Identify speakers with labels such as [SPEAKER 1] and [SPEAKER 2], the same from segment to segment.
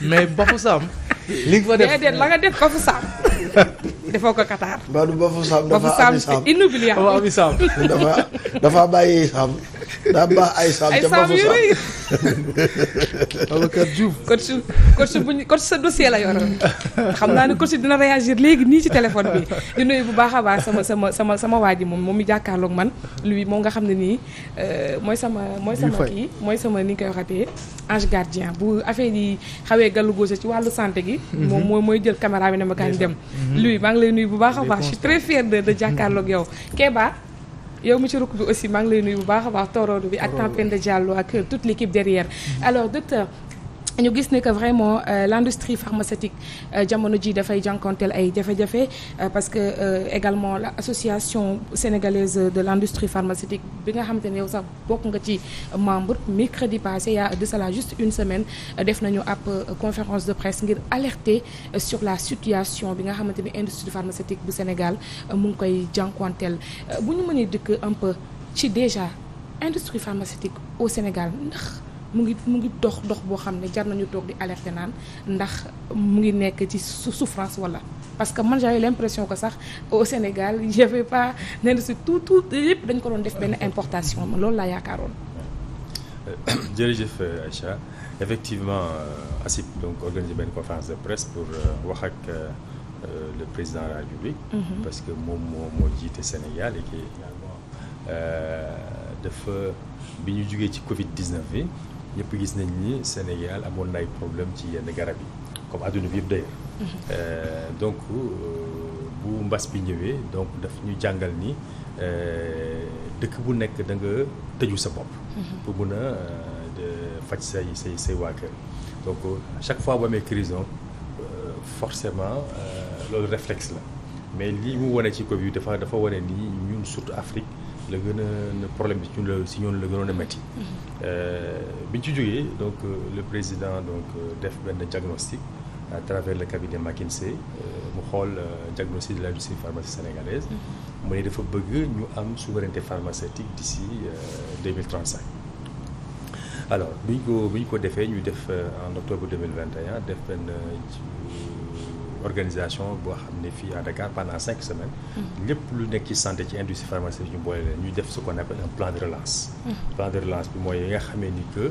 [SPEAKER 1] mais Bafou Sam. li nga def déedéet
[SPEAKER 2] la nga def Bafou Sam.
[SPEAKER 1] defoo ko Qatar. Badou Bafou Sam dafa ami Sam inoubliable dafa dafa bàyyi Sam
[SPEAKER 2] daa baax ay Sam. ay Sam yu rëy ca Bafou Sam. avocat Diouf. coach coach bu ñu coach sa dossier la yoroon xam naa ne coach dina réagir léegi nii ci téléphone bi di nuyu bu baax a baax sama sama sama sama waa ji moom moom mi jàkkaarloog man lui moom nga xam ne nii euh, mooy sama. mooy sama kii mooy sama ni nga koy waxatee ange gardien bu affaire yi xawee gàllu gauche ci wàllu santé gi. Mhm. moom mooy mooy jël caméra bi ne ma kañ dem. Mhm. lui maa ngi lay nuyu bu baax a baax je suis très fier de de mhm. jàkkaarloog yow Kéba. yow mi ci rukk bi aussi maa ngi lay nuyu bu baax a baax toorodo bi ak Tempende Diallo ak toute l' équipe derrière mm-hmm. alors docteur ñu gis ne que vraiment euh, l'industrie pharmaceutique euh, jamono ji dafay jànkonteel ay jafe-jafe euh, parce que euh, également association sénégalaise de l'industrie pharmaceutique bi nga xamante ni yow sax bokk nga ci membre mercredi passé il y a de cela juste une semaine euh, def nañu ab conférence de presse ngir alerté sur la situation bi nga xamante ni industrie pharmaceutique bu Sénégal mu ngi koy jànkonteel bu ñu mënee dikk un peu ci déjà industrie pharmaceutique au Sénégal mu ngi mu ngi dox dox boo xam ne jar nañu toog di alerter naan ndax mu ngi nekk ci souffrance wala parce que man j'avais l'impression ko sax au Sénégal j'avais pa ne si tout tout yëpp dañ ko doon def benn importation loolu laa yaakaaroon.
[SPEAKER 3] jërëjëf Aïcha effectivement euh, ASIP donc organisé benn conférence de presse pour euh, wax ak euh, le président de la République. Mm-hmm. parce que moom moo moo jiite Sénégal et dafa bi ñu jugee ci Covid 19 bi. ñëpp gis nañ ni Sénégal amoon na problème ci yenn garab yi comme adduna bi yëpp d'ailleurs euh, donc euh, bu mbas bi ñëwee donc daf ñu jàngal ni euh, dëkk bu nekk da nga tëju sa bopp pour mun a faj say say say waa kër donc chaque fois bu amee crise donc forcément loolu réflexe la mais li mu wane ci Covid dafa dafa wane ni ñun surtout Afrique la gën a problème bi ci ñun la si ñoon la gënoon a métti
[SPEAKER 4] mm-hmm.
[SPEAKER 3] euh, bi ñu ci jógee donc euh, le président donc euh, def benn diagnostic à travers le cabinet McKinsey mu xool diagnostic de l'industrie pharmacie sénégalaise mooy mm-hmm. ne dafa bëgg ñu am souveraineté pharmaceutique d'ici 2035 alors bi ñu ko bi ñu ko defee ñu def en octobre 2021 def benn organisation boo xam ne fii à Dakar pendant cinq semaines mm-hmm. lépp lu nekk ci santé ci industrie pharmaceutique ñu boole leen ñu def ce qu'on appelle un plan de relance mm-hmm. plan de relance bi mooy yi nga xamee ni que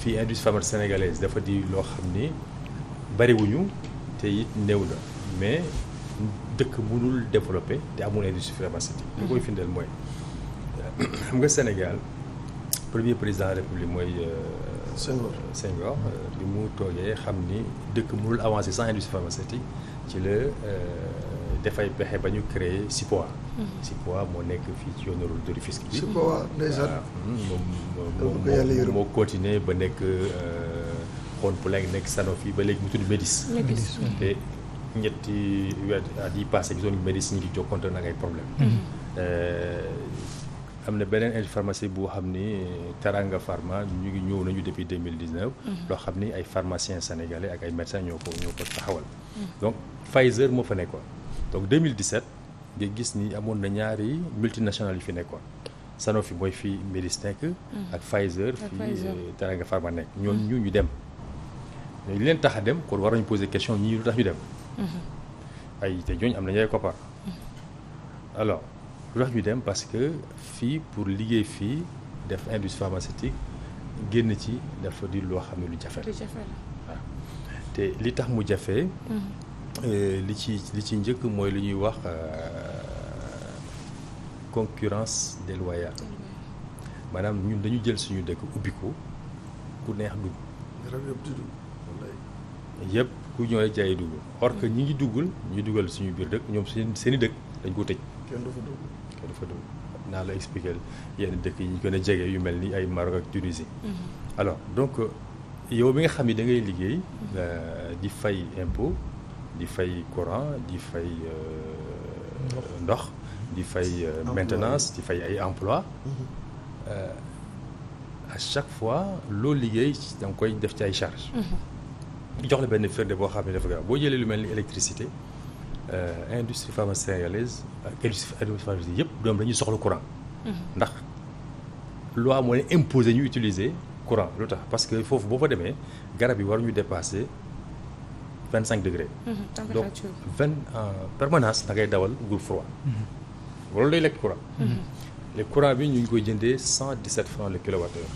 [SPEAKER 3] fii industrie pharmaceutique sénégalaise dafa di loo xam ni bariwuñu te it néew la mais dëkk mënul développé te amul industrie pharmaceutique li koy mm-hmm. findeel mooy euh, xam nga Sénégal premier président de la république mooy euh, Senghor Senghor euh, bi mu toogee xam ni dëkk mënul avancé sans industrie pharmaceutique ci la euh, defay pexe ba ñu créer SIPOA. Mhm. SIPOA moo nekk fii ci yoonu route de Rufisque bi. SIPOA ndeysaan. Hmm, moom
[SPEAKER 4] moom
[SPEAKER 3] moo continuer ba nekk Houphouët-Boigny euh, nekk fii ba léegi mu tudd Médis. Médis te ñetti weer at yi passé gisoon Médis ñu ngi jokkoonte na ngay problème. Mhm. Euh, am na beneen pharmacie boo xam ni euh, Teranga Pharma ñu ngi ñëw nañu depuis 2019. Mm-hmm. loo xam ni ay pharmaciens sénégalais ak ay médecins ñoo ko ñoo ko taxawal. Mm-hmm. donc Pfizer moo fa nekkoon. donc 2017 nga gis ni amoon na ñaari multinationales yu fi nekkoon. fi mooy fi Médis nekk. Mm-hmm. ak Pfizer fii euh, Teranga Pharma nekk. ñooñu ñu ñu dem. li leen tax dem kon war nañu poser question ñii lu tax ñu dem. ay te ñooñu am na ay koppar alors. lu tax ñu dem parce que fii pour liggéey fii def industrie pharmaceutique génn ci dafa di loo xam ne lu jafe la te li tax mu jafe mhm. euh, li ci li ci njëkk mooy lu ñuy wax euh, concurrence déloyale maanaam ñun dañu jël suñu dëkk ubbi ko ku neex
[SPEAKER 1] dugg
[SPEAKER 3] yëpp ku ñooy jaay dugg or que mhm. ñi ngi duggul ñu dugal suñu biir dëkk ñoom seen seeni dëkk dañ ko tëj fa dugg naa la expliquer yenn dëkk yi ñu gën a jege yu mel ni ay Maroc ak Tunisie. Mhm. alors donc yow bi nga xam ni dangay ngay liggéey. Euh, di fay impôt di fay courant di fay euh, ndox. di fay euh, maintenance di fay ay emploi mhm. à chaque fois loo liggéey da koy def ci ay charges.
[SPEAKER 4] Mhm.
[SPEAKER 3] jox la benn firnde boo xam ne dafa gaaw boo jëlee lu mel ni électricité. Euh, industrie pharmaceutique sénégalaise ak industrie pharmaceutique yëpp doom dañuy soxla courant. Mhm. ndax loi moo leen ñu utiliser courant lu tax parce que foofu boo fa demee garab yi war ñu dépasser vingt cinq degrés. Mhm, donc vingt en permanence da ngay dawal groupe froid. Mhm. loolu day lekk courant. le courant bi ñu ngi koy jëndee cent dix sept francs le kilowattheure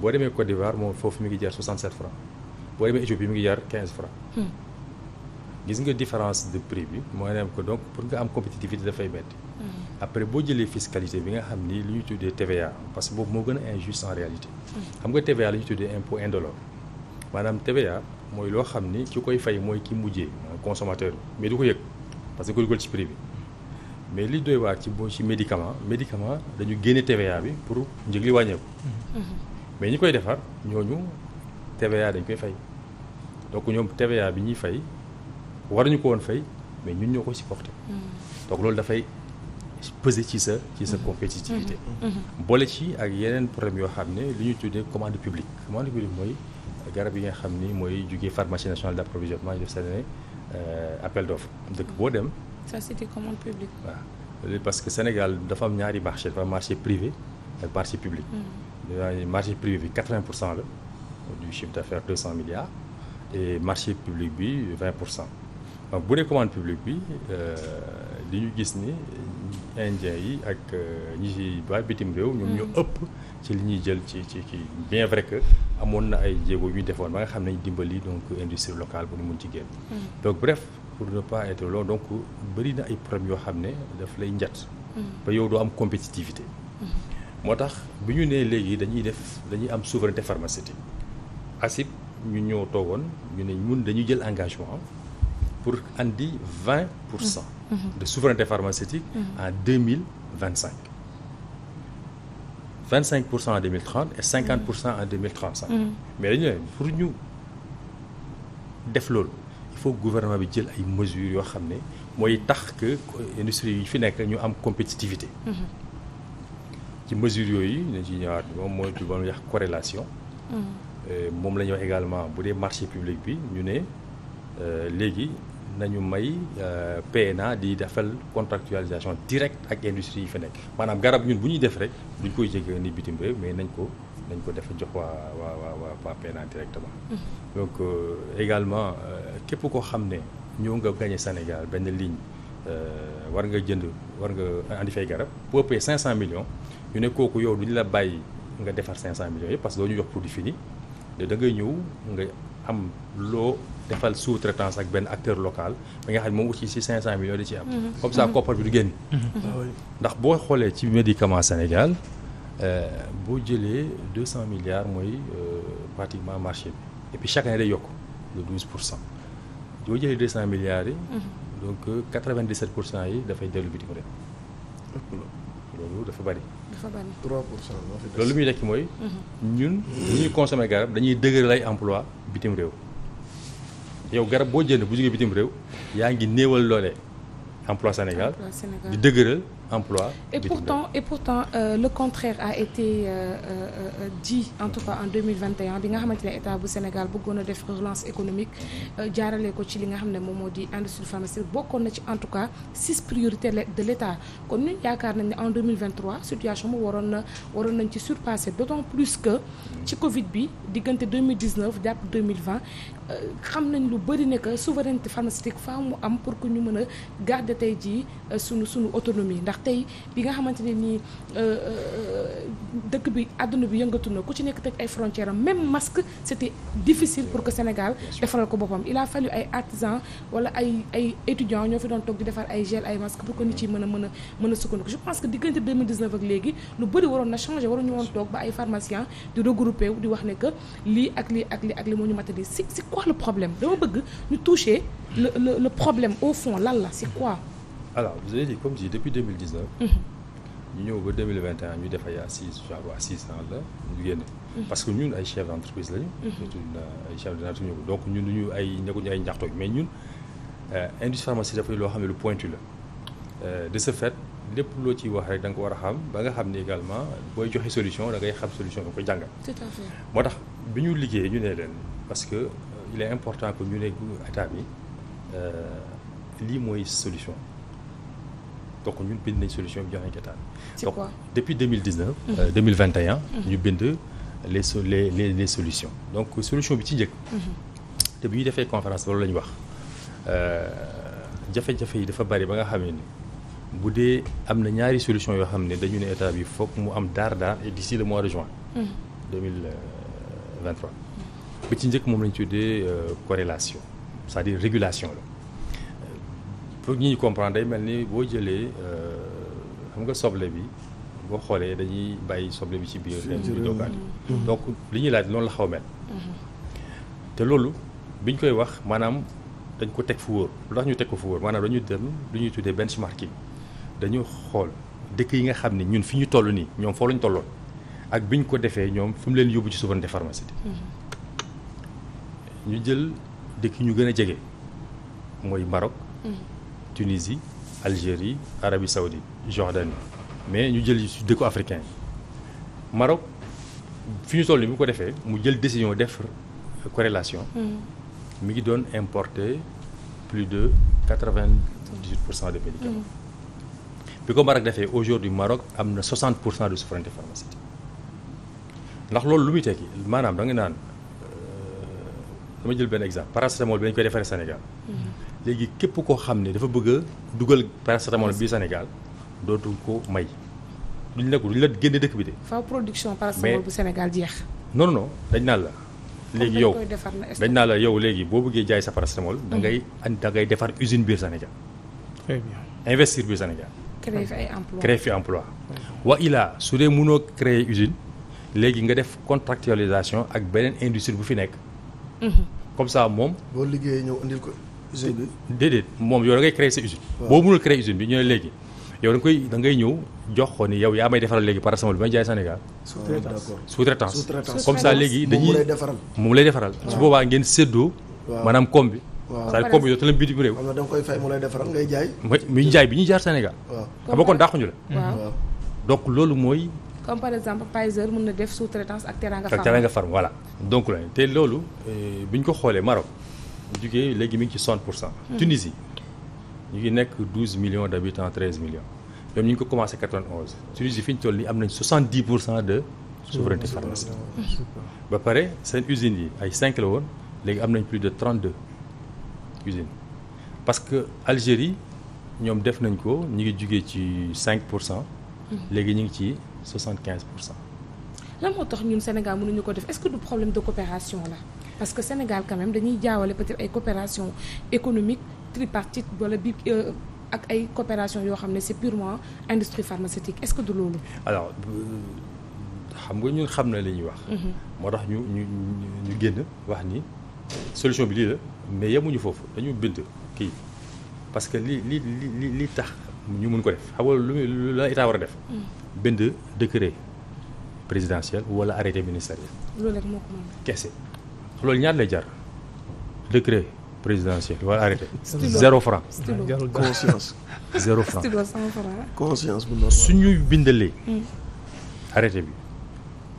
[SPEAKER 3] boo demee Côte d'Ivoire moom foofu mu ngi jar soixante sept francs boo demee Éthiopie mi ngi jar quinze francs. gis nga différence de prix bi mooy dem ko donc pour nga am compétitivité dafay metti mm. après boo jëlee fiscalité bi nga xam ni lu ñu tuddee TVA parce que boobu moo gën a injuste en réalité mm. xam nga TVA la ñu tuddee impôt indolore maanaam TVA mooy loo xam ni ki koy fay mooy ki mujjee consomateur bi mais du ko yëg parce que ko dugal ci prix bi mais li doy waar ci boo ci médicament médicament dañu génne TVA bi pour njëg li wàññeeku mm-hmm. mais ñu koy defar ñooñu TVA dañ koy fay donc ñoom TVA bi ñuy fay waruñu ko woon fay mais ñun ñoo koy supporté mm. donc loolu dafay peser ci sa ci sa mm-hmm. compétitivité mm-hmm. Mm-hmm. boole ci ak yeneen problème yoo xam ne li ñu tuddee commande publique commande publique mooy garab yi nga xam ni mooy jógee pharmacie nationale d'approvisionnement def seen ne euh, appel d'offre dëkk boo dem
[SPEAKER 2] ça c'était commande publique waaw
[SPEAKER 3] parce que Sénégal dafa ñaari marché dafa marché privé ak marché public
[SPEAKER 4] mm.
[SPEAKER 3] dafa marché privé bi 80 pour cent la du chiffre d'affaires milliards et marché public bi 20 pour cent donc euh, bu dee commande publique bi li euh, ñu gis ni indien yi ak euh, ñi ci ba bitim réew ñoom ñoo hmm. ëpp ci li ñuy jël ci ci ci bien vrai que amoon na ay jéego yu defoon ba nga xam ne dimbali donc industrie locale bu ñu mun ci génn hmm. donc bref pour ne pas être long donc bëri na ay problèmes yoo xam ne daf lay njat hmm. ba yow doo am compétitivité moo tax bi ñu nee léegi dañuy def dañuy am souveraineté pharmaceutique ASIP ñu ñoo toogoon ñu ne ñun dañuy jël engagement pour andi vingt pour cent mm-hmm. Mm-hmm. de souveraineté pharmaceutique mm-hmm. en deux mille vingt cinq vingt cinq pour cent en deux mille trente et pour cent en deux mais dañu ne pour ñu def loolu il faut gouvernement bi jël ay mesures yoo xam ne mooy tax que industrie yi fi nekk ñu am compétitivité ci mesures yooyu nañ ci ñëwaat moom mooy du bon corrélation euh, moom la ñu wax également bu dee marché public bi ñu ne euh, léegi nañu may euh, PNA di defal contractualisation directe ak industrie yi fa nekk maanaam garab ñun bu ñuy def rek duñ koy jege ni bitim réew mais nañ ko nañ ko def jox waa waa waa waa PNA directement. Mm-hmm. donc euh, également euh, képp koo xam ne ñëw nga gagné Sénégal benn ligne war nga jënd war nga andi fay garab bu ëppee 500 millions ñu ne kooku yow duñ la bàyyi nga defar 500 millions yëpp parce que doo ñu jox produit fini da ngay ñëw nga am loo. defal sous-traitance ak benn acteur local bi nga xam ne moom aussi si 500 millions di ci am. Mhm. comme ça mhm. koppar bi du génn. Mhm. Ah ndax boo xoolee ci médicament Sénégal euh, boo jëlee 200 milliards mooy euh, pratiquement marché bi et puis chaque année day yokk de 12 pour cent boo jëlee 200 milliards yi. donc 97 euh, pour cent yi dafay dellu bitim réew. loolu dafa bari.
[SPEAKER 1] loolu
[SPEAKER 3] lu muy nekk mooy. ñun bu ñuy consommer garab dañuy dëgëral ay emploi bitim réew. yow garab boo jënd bu jógee bitim réew yaa ngi néewal loole emploi Sénégal di dëgëral emploi
[SPEAKER 2] et pourtant et pourtant euh, le contraire a été euh, euh, euh dit en tout cas en 2021 bi nga xamante ne état bu Sénégal bëggoon a def relance économique euh, jaarale ko ci li nga xam ne moom moo di industrie pharmaceutique bokkoon na ci en tout cas six priorités de l'état kon ñun yaakaar nañ ne en 2023 situation mu waroon na waroon nañ ci surpasser d'autant plus que ci Covid bi diggante 2019 jàpp 2020 xam nañ lu bëri ne que souveraineté pharmaceutique faa mu am pour que ñu mën a garder tey jii euh, sunu sunu autonomie ndax tey bi nga xamante ne nii euh, euh, dëkk bi àdduna bi yëngatu na ku ci nekk teg ay frontières am même masque c'était difficile pour que Sénégal defaral ko boppam il a fallu ay artisans wala ay ay ñoo fi doon toog di defar ay gel ay masque pour que nit yi mën a mën a mën a sukkandiku je pense que diggante 2019 ak léegi lu bëri waroon na changer waroon ñu woon toog ba di wax ne que lii ak lii ak lii ak lii moo wax le problème dama bëgg ñu toucher le le le problème au fond lan la c'est quoi.
[SPEAKER 3] alors vous avez dit comme je depuis mhm. ñu ñëw ba ñu def ay assises genre assises la ñu génn. Mhm. parce que ñun ay chefs d'entreprise lañu. ñun mhm. euh, ay chefs d'entreprise donc ñun ñu ay nekkuñu ay njaxtoo mais ñun euh, industrie pharmacie dafay loo xam ne lu pointu la euh, de ce fait. lépp loo ciy wax rek danga ko war a xam ba nga xam ni également booy joxe solution da ngay xam solution da ko koy moo tax bi ñu liggéey ñu ne leen parce que il est important que ñu ne état bi euh, lii mooy solution donc ñun bind nañ solution bi jox nañ état bi donc depuis 2019 mmh. euh, 2021 mmh. ñu bind les so les les solution bi ci njëkk mmh. te bu ñu defee conférence loolu la wax euh, jafe-jafe yi dafa bari ba nga xam ne bu dee am na ñaari solution yoo xam ne dañu ne état bi foog mu am daar daar et d'ici le mois de juin 2023 bi ci njëkk moom la ñu tuddee euh, corrélation c'est-à-dire la pour ñuy comprendre day mel ni boo jëlee euh, xam nga soble bi boo xoolee dañuy bàyyi soble bi ci biir bi doogaat donc li ñuy laaj loolu la xaw mel mhm. te loolu biñ koy wax maanaam dañ ko teg fu wóor lu tax ñu teg ko fu wóor maanaam dañu dem lu ñuy tuddee benchmarking dañu xool dëkk yi nga xam ni ñun fi ñu toll nii ñoom foo lañu tolloon ak ñu ko defee ñoom fi mu leen yóbbu ci souveraineté pharmaceutique mhm. ñu jël dëkk ñu gën a jege mooy Maroc mhm. Tunisie Algérie Arabie Saoudite Jordanie mais ñu jël ci dëkku africain Maroc fi ñu toll ni mu ko defee mu jël décision def corrélation mu mhm. ngi doon importe plus de quatre-vingt-dix-huit pour cent de médicaments mhm. bi ko Maroc defee aujourd'hui Maroc am na soixante pour cent de souveraineté pharmaceutique ndax loolu lu muy tekki maanaam da nga naan dama jël benn exemple paracétamol bi dañ koy defaree Sénégal léegi képp koo xam ne dafa bëgg a dugal paracétamol bii Sénégal dootu ko may duñ la ko duñ la génne dëkk bi de.
[SPEAKER 2] faaw production paracétamol bu Sénégal jeex.
[SPEAKER 3] noonu non dañ naan la. léegi yow dañ naa la yow léegi boo bëggee jaay sa paracétamol da ngay mm-hmm. da ngay defar usine biir Sénégal. investir biir Sénégal.
[SPEAKER 2] créer fi ay emploi créer
[SPEAKER 3] fi emploi. wa ilaa su dee mënoo créer usine léegi nga def contractualisation ak beneen industrie bu fi nekk. Mm-hmm. comme ça moom.
[SPEAKER 1] boo liggéeyee ñëw andil ko usine bi.
[SPEAKER 3] déedéet moom yow da ngay créer sa usine. boo mënul créer usine bi ñu ne léegi. yow da nga koy da ngay ñëw jox ko ni yow yaa may defaral léegi par exemple bi may jaay Sénégal. sous-traitance sous-traitance lay defaral. su boobaa ngeen séddoo. maanaam koom bi. waaw cest bi yow te la bitim réew.
[SPEAKER 1] da nga koy fay
[SPEAKER 3] mu jaay. bi ñu jaar Sénégal. waaw xam nga kon dàquñu la. donc loolu mooy
[SPEAKER 2] comme par exemple Pfizer mën na def sous-traitance ak Teranga Pharma. ak Teranga Pharma
[SPEAKER 3] voilà te loolu eh, bu ñu ko xoolee Maroc jugee léegi mi ngi ci 60 pour cent. Hmm. Tunisie ñu ngi nekk douze million de habitants 13 millions ñoom ñu ngi ko commencé 91 Tunisie fi ñu toll nii am nañ 70 pour cent de souveraineté hmm. pharmaceutique. Hmm. ba pare seen usines yi ay 5 la woon léegi am nañ plus de 32 usines parce que Algérie ñoom def nañ ko ñu ngi jugee ci cinq pour cent. léegi ñu ngi ci. 75 pour cent.
[SPEAKER 2] lan moo tax ñun Sénégal mënuñu ko def est-ce que du problème de coopération la parce que Sénégal quand même dañuy jaawale peut-être ay coopération économique tripartite wala bi euh, ak ay coopération yoo xam ne c'est purement industrie pharmaceutique est-ce que du loolu.
[SPEAKER 3] alors xam nga ñun xam na li ñuy wax. Mhm. moo tax ñu ñu génn wax ni solution bi lii la mais yemuñu foofu dañu bind kii parce que li li li li tax ñu mun ko def xam nga lu la état war a def. Mhm. bind décret présidentiel wala arrêté ministériel.
[SPEAKER 2] loolu rek moo ko mën
[SPEAKER 3] kese loolu ñaar lay jar décret présidentiel wala arrêté. zéro franc. conscience. zéro franc conscience su ñuy bindalee. Hmm. arrêté bi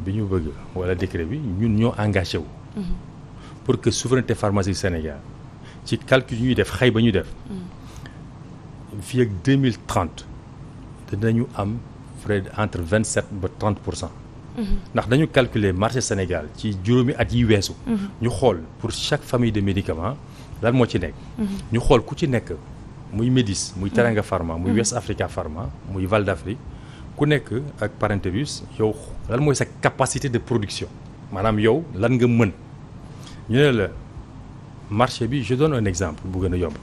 [SPEAKER 3] bi ñu bëgg wala décret bi ñun ñoo engagé wu. Hmm. pour que souveraineté pharmaceutique Sénégal ci calcul ñuy def xay ba ñu def. Hmm. fii ak dina ñu am. près entre vingt sept ba trente pour cent. ndax dañu calculer marché Sénégal ci juróomi at yi weesu. ñu xool pour chaque famille de médicaments lan moo ci nekk. ñu xool ku ci nekk muy Médis muy Teranga Pharma muy West Africa Pharma muy Val d'Afrique ku nekk ak Parenterus yow lan mooy sa capacité de production maanaam yow lan nga mën ñu ne la marché bi je donne un exemple bu gën a yomb.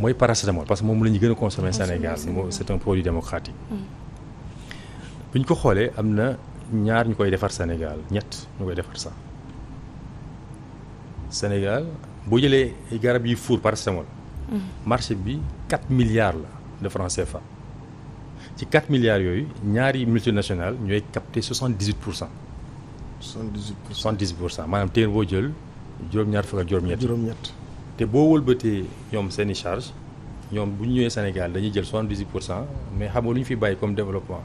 [SPEAKER 3] mooy paracétamol parce que moom la ñu gën Sénégal c'est un bu ñu ko xoolee am na ñaar ñu koy defar Sénégal ñett ñu koy defar sax Sénégal boo jëlee garab yi fuur par semol
[SPEAKER 4] mm-hmm.
[SPEAKER 3] marché bi 4 milliards la de francs CFA ci 4 milliards yooyu ñaari multinationales ñooy capté 78 pour cent. 78 pour cent pour cent maanaam téeméer boo jël juróom-ñaar fukk ak juróom-ñett. juróom-ñett te boo wëlbatee ñoom seen i charge ñoom bu ñu ñëwee Sénégal dañuy jël 78 pour cent mais xam nga lu ñu fi bàyyi comme développement.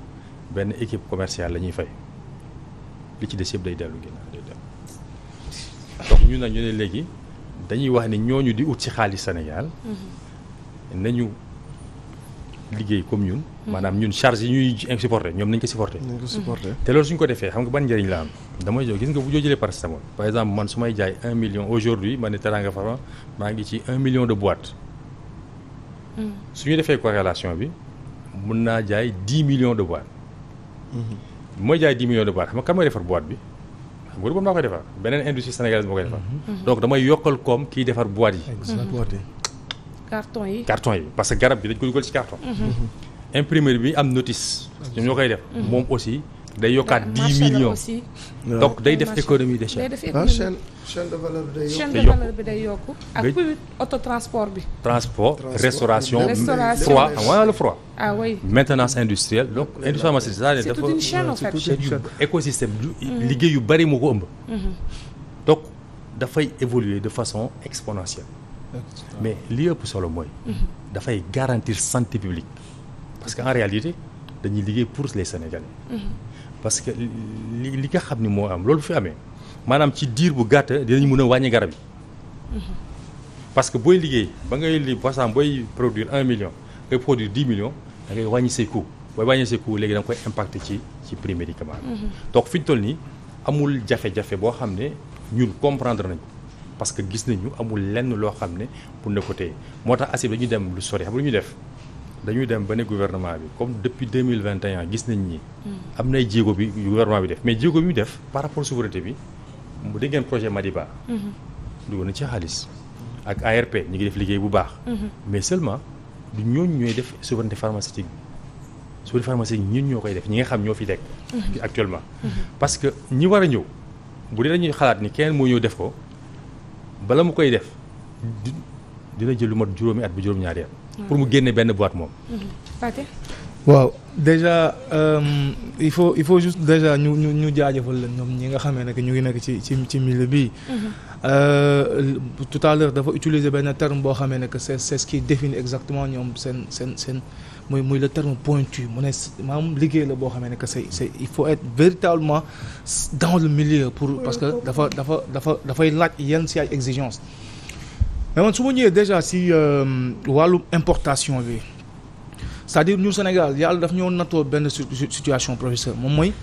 [SPEAKER 3] benn équipe commerciale la ñuy fay li ci des yëpp day dellu ginnaaw day dellu donc ñu nag ñu ne léegi dañuy wax ne ñooñu di ut ci xaalis Sénégal mm-hmm. nañu liggéey comme ñun mm-hmm. maanaam ñun charge yi ñuy supporté ñoom nañ ko supporté mm-hmm. te loolu suñ ko defee xam nga ban njëriñ la am damay jox gis nga bu joo jëlee paracétamol par exemple man su may jaay un million aujourd'hui man ne Teranga Pharma maa ngi ci un million de boîtes suñu defee corrélation bi mun naa jaay dix millions de boîtes mooy jaay 10 millions de boîtes xam nga kan mooy defar boîte bi xam nga du moom maa koy defar beneen industrie sénégalaise moo koy defar. Mhm. donc damay yokkal koom kiy defar boîte yi. Mhm. carton yi carton yi parce que garab bi dañ ko dugal ci carton. Mhm. imprimerie bi am notice. ñoom ñoo koy def moom aussi. day yokkaat dix millions donc day def économie de ah,
[SPEAKER 2] chaîne de valeur bi day yokku chaîne de valeur auto transport bi
[SPEAKER 3] transport restauration froid wala ah, le froid ah oui maintenance industrielle donc industrie pharmaceutique c'est toute une chaîne en yu écosystème mm-hmm. liggéey yu bari moo ko ëmb
[SPEAKER 4] mm-hmm.
[SPEAKER 3] donc dafay évoluer de façon exponentielle mais li ëpp solo mooy mm-hmm. dafay garantir santé publique parce que en réalité dañuy liggéey pour les parce que li li nga xam ni moo am loolu fi amee maanaam ci diir bu gàtt dinañ mën a wàññi garab yi. parce que booy liggéey ba ngay li par booy produire un million ngay produire dix millions da ngay wàññi say coût booy wàññi say coût léegi da koy impacté ci ci prix médicament bi. donc fi ñu toll nii amul jafe-jafe boo xam ne ñun comprendre nañ parce que gis nañu amul lenn loo xam ne pour ne ko téye moo tax asib dañuy dem lu sore xam lu ñu def. dañuy dem ba ne gouvernement bi comme depuis deux mille vingt et gis nañ ni. Hmm. am nay jéego bi gouvernement bi def mais jéego bi mu def par rapport souveraineté bi mu dégg ngeen projet Madiba. Hmm. dugg na ci xaalis ak ARP ñu ngi def liggéey bu baax. Hmm. mais seulement du ñooñu ñooy def souveraineté pharmaceutique bi souveraineté pharmaceutique ñun ñoo koy def ñi nga xam ñoo fi nekk. actuellement. parce que ñi war a ñëw bu dee dañuy xalaat ni kenn moo ñëw def ko bala mu koy def dina jël lu mat juróomi at bu juróom-ñaari pour mu génnee benn boîte moom.
[SPEAKER 2] Mm-hmm.
[SPEAKER 3] waaw déjà euh, il faut il faut juste déjà ñu ñu ñu
[SPEAKER 5] jaajëfal leen ñoom ñi nga xamee ne ñu ngi nekk ci ci ci milieu bii. Mm-hmm. Euh, tout à l'heure dafa utiliser benn terme boo xamee ne que c'est c'est ce qui définit exactement ñoom seen seen seen muy muy le terme pointu mu ne maanaam liggéey la boo xamee ne que c'est c'est il faut et véritablement dans le milieu pour parce que dafa dafa dafa dafay laaj yenn si ay exigences. mais man su ma ñëwee déjà si euh, wàllum importation bi c'est-à-dire ñu Sénégal yàlla daf ñoo natoo benn situation professeur moom mooy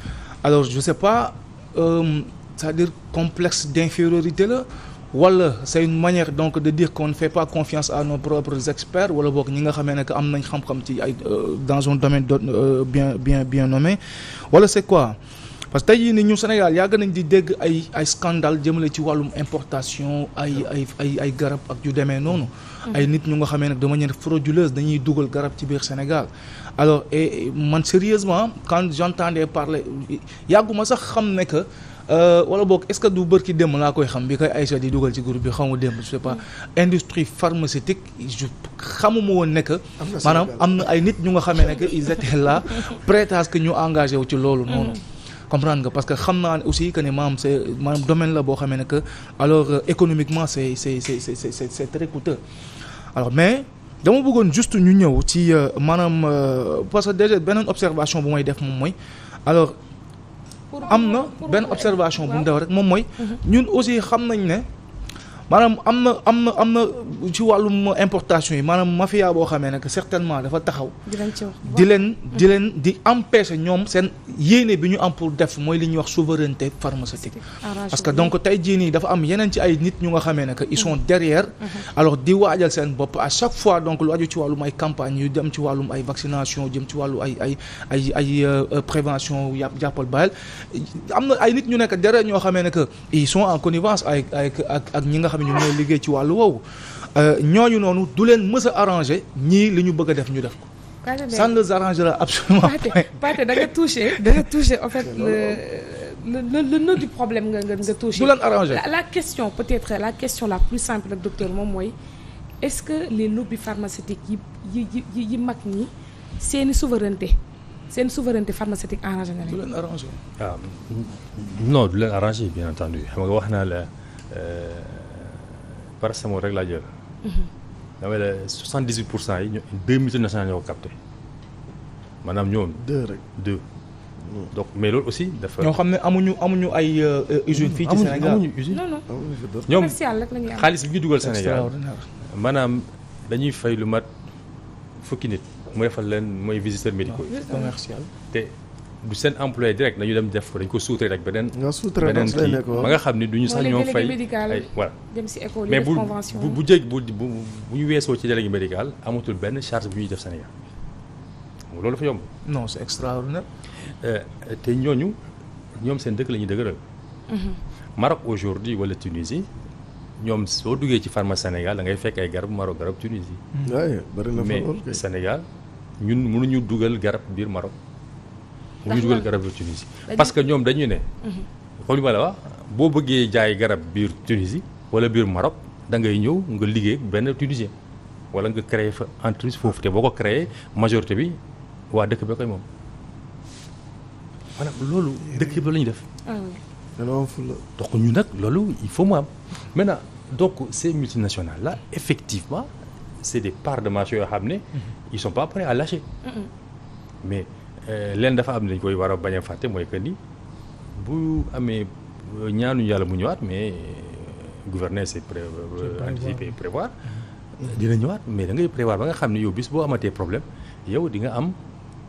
[SPEAKER 5] alors je sais pas euh, c'est-à-dire complexe d'infériorité la wala c'est une manière donc de dire qu'on ne fait pas confiance à nos propres experts wala book ñi nga xamee ne am nañ xam-xam ci ay euh, dans un domaine euh, bien bien bien nommé wala c'est quoi parce que tey jii ni ñu Sénégal yàgg nañ di dégg ay ay scandale jëmale ci wàllum importation ay ay ay ay garab ak yu demee noonu. Mm-hmm. ay nit ñu nga xamee nag de manière frauduleuse dañuy dugal garab ci biir Sénégal alors et man sérieusement quand j'entendais parler yàgguma sax xam ne que. Euh, wala boog est-ce que du bërki démb laa koy xam bi koy Aïcha di dugal ci groupe bi xamu démb je sais pas mm-hmm. industrie pharmaceutique je xamuma woon ne que am na ay nit ñu nga xamee ne que ils étaient là que ñu engagé wu ci loolu noonu mm-hmm. comprendre nga parce que xam naa aussi que ne maanaam c' est maanaam domaine la boo xamee ne que alors euh, économiquement c' est c' très coûteux alors mais dama bëggoon juste ñu ñëw ci euh, maanaam euh, parce que déjà beneen observation bu may def moom mooy alors. am na benn observation bu mu def rek moom mooy. Mhm. ñun aussi xam nañ ne. maanaam am na am na am na ci wàllum importation yi maanaam mafia boo xamee ne que certainement dafa taxaw. di leen mm-hmm. di leen di am empêcher ñoom seen yéene bi ñu am pour def mooy li ñuy wax souveraineté pharmaceutique. parce que donc tey jii nii dafa am yeneen ci ay nit ñu nga xamee ne que ils sont mm-hmm. derrière. Mm-hmm. alors di waajal seen bopp à fois donc lu aju ci wàllum ay campagne yu dem ci wàllum ay vaccination jëm ci wàllu ay ay ay ay euh, euh, prévention jàppal bàyyil na ay nit ñu nekk derrière ñoo xamee ne que ils sont ñi nga xam ne ñoom liggéey ci wàllu woowu euh, ñooñu noonu du leen mës a arrangé ñii li ñu bëgg def ñu def ko. ça ne les arrangera absolument pas.
[SPEAKER 2] Pathé da nga touché da nga touché en fait le le le nœud du problème nga nga nga touché. du leen arrangé la question peut-être la question la plus simple nag docteur moom mooy est-ce que les lobbies pharmaceutiques yi yi yi yi mag ñi seeni souveraineté. seen souveraineté pharmaceutique arrangé na leen. du leen arrangé.
[SPEAKER 3] waaw ah, non du leen bien entendu xam nga wax naa la. Euh, paracétamol rek laa jël. damay mhm. la soixante dix huit pour cent yi ñu deux multinationales ñoo ko capté maanaam ñoom. deux rek mmh. donc mais loolu aussi dafa. ñoo xam ne
[SPEAKER 5] amuñu amuñu ay euh, euh, usine fii ci Sénégal amuñu usine. non non
[SPEAKER 3] ñoom xaalis bi ñu dugal Sénégal. maanaam dañuy fay lu mat fukki nit. mu defal leen mooy visiteurs médicaux yi. du seen employé direct dañu dem def ko dañ ko suutre rek beneen. beneen ba nga xam ne du ñu sax ñoo fay ay voilà. dem si mais bu bu bu jég bu bu bu ñu weesoo ci délégué médical amatul benn charge bu ñuy def Sénégal loolu dafa yomb. non c'est extraordinaire. Euh, te ñooñu ñoom seen dëkk la ñuy dëgëral. Mhm. Maroc aujourd'hui wala Tunisie ñoom soo duggee ci pharmacie Sénégal da ngay fekk ay garab Maroc garab Tunisie. waaw bëri na mais Sénégal ñun mënuñu dugal garab biir Maroc. mu ngi dugal garab biir Tunisie parce que ñoom dañu ne mhm. xool li ma wax boo bëggee jaay garab biir Tunisie wala biir Maroc da ngay ñëw nga liggéey benn tunisien wala nga créer fa entreprise foofu te boo ko créer majorité bi waa dëkk bi koy moom loolu dëkk bi la ñuy def ah donc ñu nag loolu il faut mu am maintenant donc ces multinationales là effectivement c'est des parts de marché yoo xam ne mhm. ils sont pas prêts à lâcher mais Euh, leen dafa am ne dañ koy war a bañ a fàtte mooy que ni bu amee euh, ñaanu yàlla mu ñëwaat mais euh, gouverner c'est pré anticiper prévoir mm-hmm. dina ñëwaat mais da ngay prévoir ba nga xam ne yow bis boo amatee problème yow di nga am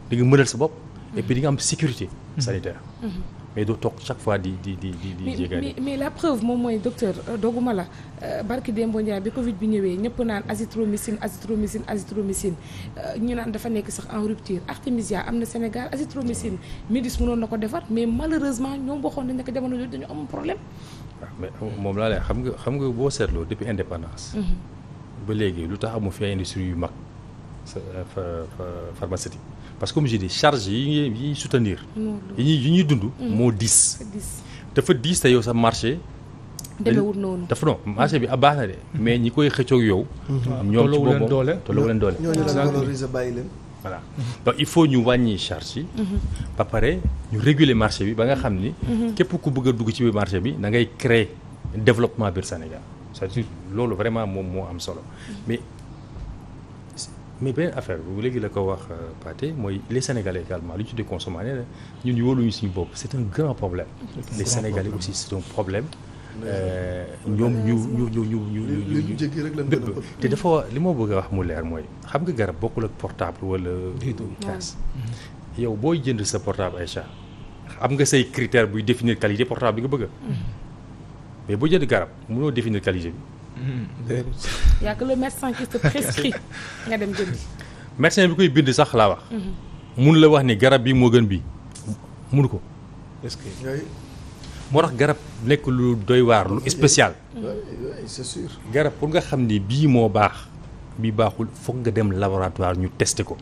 [SPEAKER 3] di nga mënal sa bopp et puis di nga am sécurité mm-hmm. sanitaire mm-hmm. mais du toog chaque fois di di di di di. jégaani
[SPEAKER 2] mais la preuve moom mooy docteur euh, doguma la euh, barki Demba Ndiaye bi Covid bi ñëwee ñëpp naan azithromycine azithromycine azithromycine euh, ñu naan dafa nekk sax en rupture artemisia am na Sénégal azithromycine Médis mënoon na ko defar mais malheureusement ñoom waxoon nañ ne que jamono jooju dañu amoon problème.
[SPEAKER 3] Ah, moom laa lay xam nga xam nga boo seetloo depuis indépendance. Mhm. ba léegi lu tax amu fi ay industrie yu mag pharmaceutique parce que comme je dis charge yi ñuy soutenir yi ñuy yi ñuy dund mm-hmm. moo diis dafa diis te yow sa marché demewul noonu dafa non marché bi baax na de mm-hmm. mais ñi koy xëccoog yow mm-hmm. ñoo ci boppam tolluwu leen doole ñooñu la valoriser
[SPEAKER 1] bàyyi leen voilà
[SPEAKER 3] donc il faut ñu wàññi charge yi ba pare ñu réguler marché bi ba nga xam ni képp ku bëgg a dugg ci biir marché bi da crée développement biir Sénégal sa à loolu vraiment moom moo am solo mais benn affaire léegi la ko wax Pathé mooy les sénégalais également lu ñu tuddee consommer ñun yóoluñu suñu bopp c' est un grand problème. les sénégalais aussi c' est un problème. ñoom ñu ñu ñu ñu ñu ñu ñu jéggi rek lañ te dafa li ma bëgg a wax mu leer mooy xam nga garab bokkul ak portable wala. caas yow booy jënd sa portable Aïcha am nga say critère buy définir qualité portable bi nga bëgg mais boo jënd garab mënoo définir qualité bi.
[SPEAKER 4] Mmh.
[SPEAKER 2] y a que le médecin qui te prescrit nga dem jëndi.
[SPEAKER 3] médecin bi koy bind sax laa wax. Mmh. mun la wax ni garab bi moo gën bi mun ko. est-ce que moo tax garab nekk lu doy waar lu spécial. c'est garab pour nga xam ni bii moo baax bii baaxul foog nga dem laboratoire ñu testé ko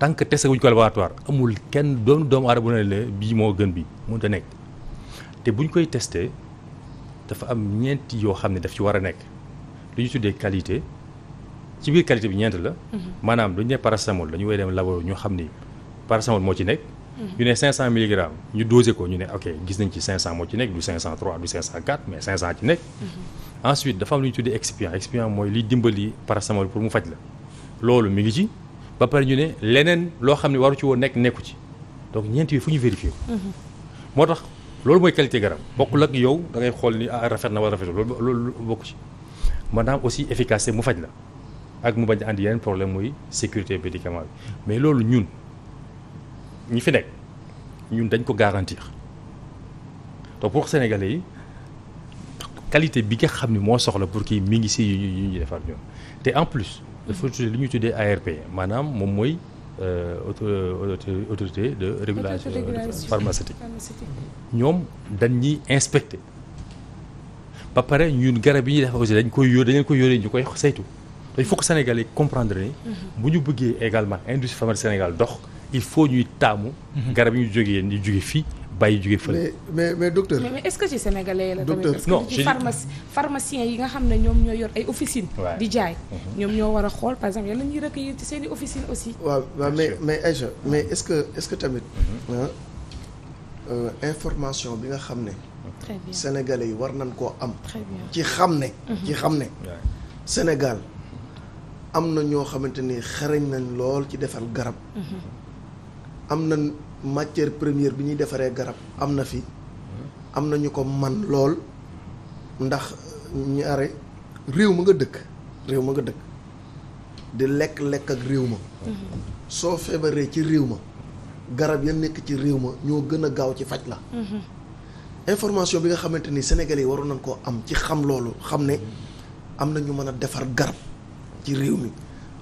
[SPEAKER 3] tant que testé wuñ ko laboratoire amul kenn doom doomu bu ne la bii moo gën bi mënut a nekk te buñ koy testé dafa am ñeenti yoo xam ne daf ci war a nekk. lu ñu tuddee qualité ci biir qualité bi ñeent la. Mhm. maanaam duñ ne paracétamol dañu koy dem labo ñu xam ni paracétamol moo ci nekk. Mhm. ñu ne 500 milligrammes ñu dosé ko ñu ne ok gis nañ ci 500 moo ci nekk du 503 du 504 mais 500 ci nekk. Mhm. ensuite dafa am lu ñu tuddee excipient excipient mooy liy dimbali paracétamol pour mu faj la. loolu mi ngi ci ba pare ñu ne leneen loo xam ne waru ci woo nekk nekku ci donc ñeent yi fu ñu vérifié moo tax loolu mooy qualité garab bokkul ak yow da ngay xool ni ah rafet na wala rafetul loolu loolu bokku ci. maanaam aussi efficacité mu faj la ak mu bañ andi yeneen problème muy sécurité médicament bi mais loolu ñun ñi fi nekk ñun dañ ko garantir te pour sénégalais yi qualité bi nga xam ne moo soxla pour kii mi ngi si yu ñu defar ñoom te en plus dafa tuddee li ñuy tuddee ARP maanaam moom mooy euh, autorité de régulation pharmaceutique ñoom dañ ñi inspecté ba pare ñun garab yi ñuy def aussi dañ koy yóo dañ leen koy yóore ñu koy saytu il faut que sénégalais comprendre ni mhm. bu ñu bëggee également industrie pharmaceutique Sénégal dox il faut ñuy taamu mhm. garab yi ñu jógee ñu jóge fii bàyyi jóge fële mais
[SPEAKER 1] mais mais docteur
[SPEAKER 2] mais, mais est-ce que ci sénégalais la tamit pharmacien yi nga xam ne ñoom ñoo yor ay officine di jaay mhm. ñoom ñoo war a xool par exemple yàlla ñuy recueillir ci seen i officine aussi
[SPEAKER 1] waaw mais mais Aïcha mais est-ce que est-ce que tamit euh, information bi nga xam ne très bien yi war nañ koo am. ci xam ne. Mhm. ci xam ne senegal am na ñoo xamante ni xarañ nañ lool ci defal garab. Mhm. am na matière première bi ñuy defaree garab am na fi
[SPEAKER 4] mhm.
[SPEAKER 1] am na ñu ko man lool ndax ñaare réew ma nga dëkk réew ma nga dëkk di lekk-lekk ak réew ma soo feebaree ci réew ma garab ya nekk ci réew ma ñoo gën a gaaw ci faj la information bi nga xamante ni sénégale yi waroon nañ koo am ci xam loolu xam ne am na ñu mën a defar garab ci réew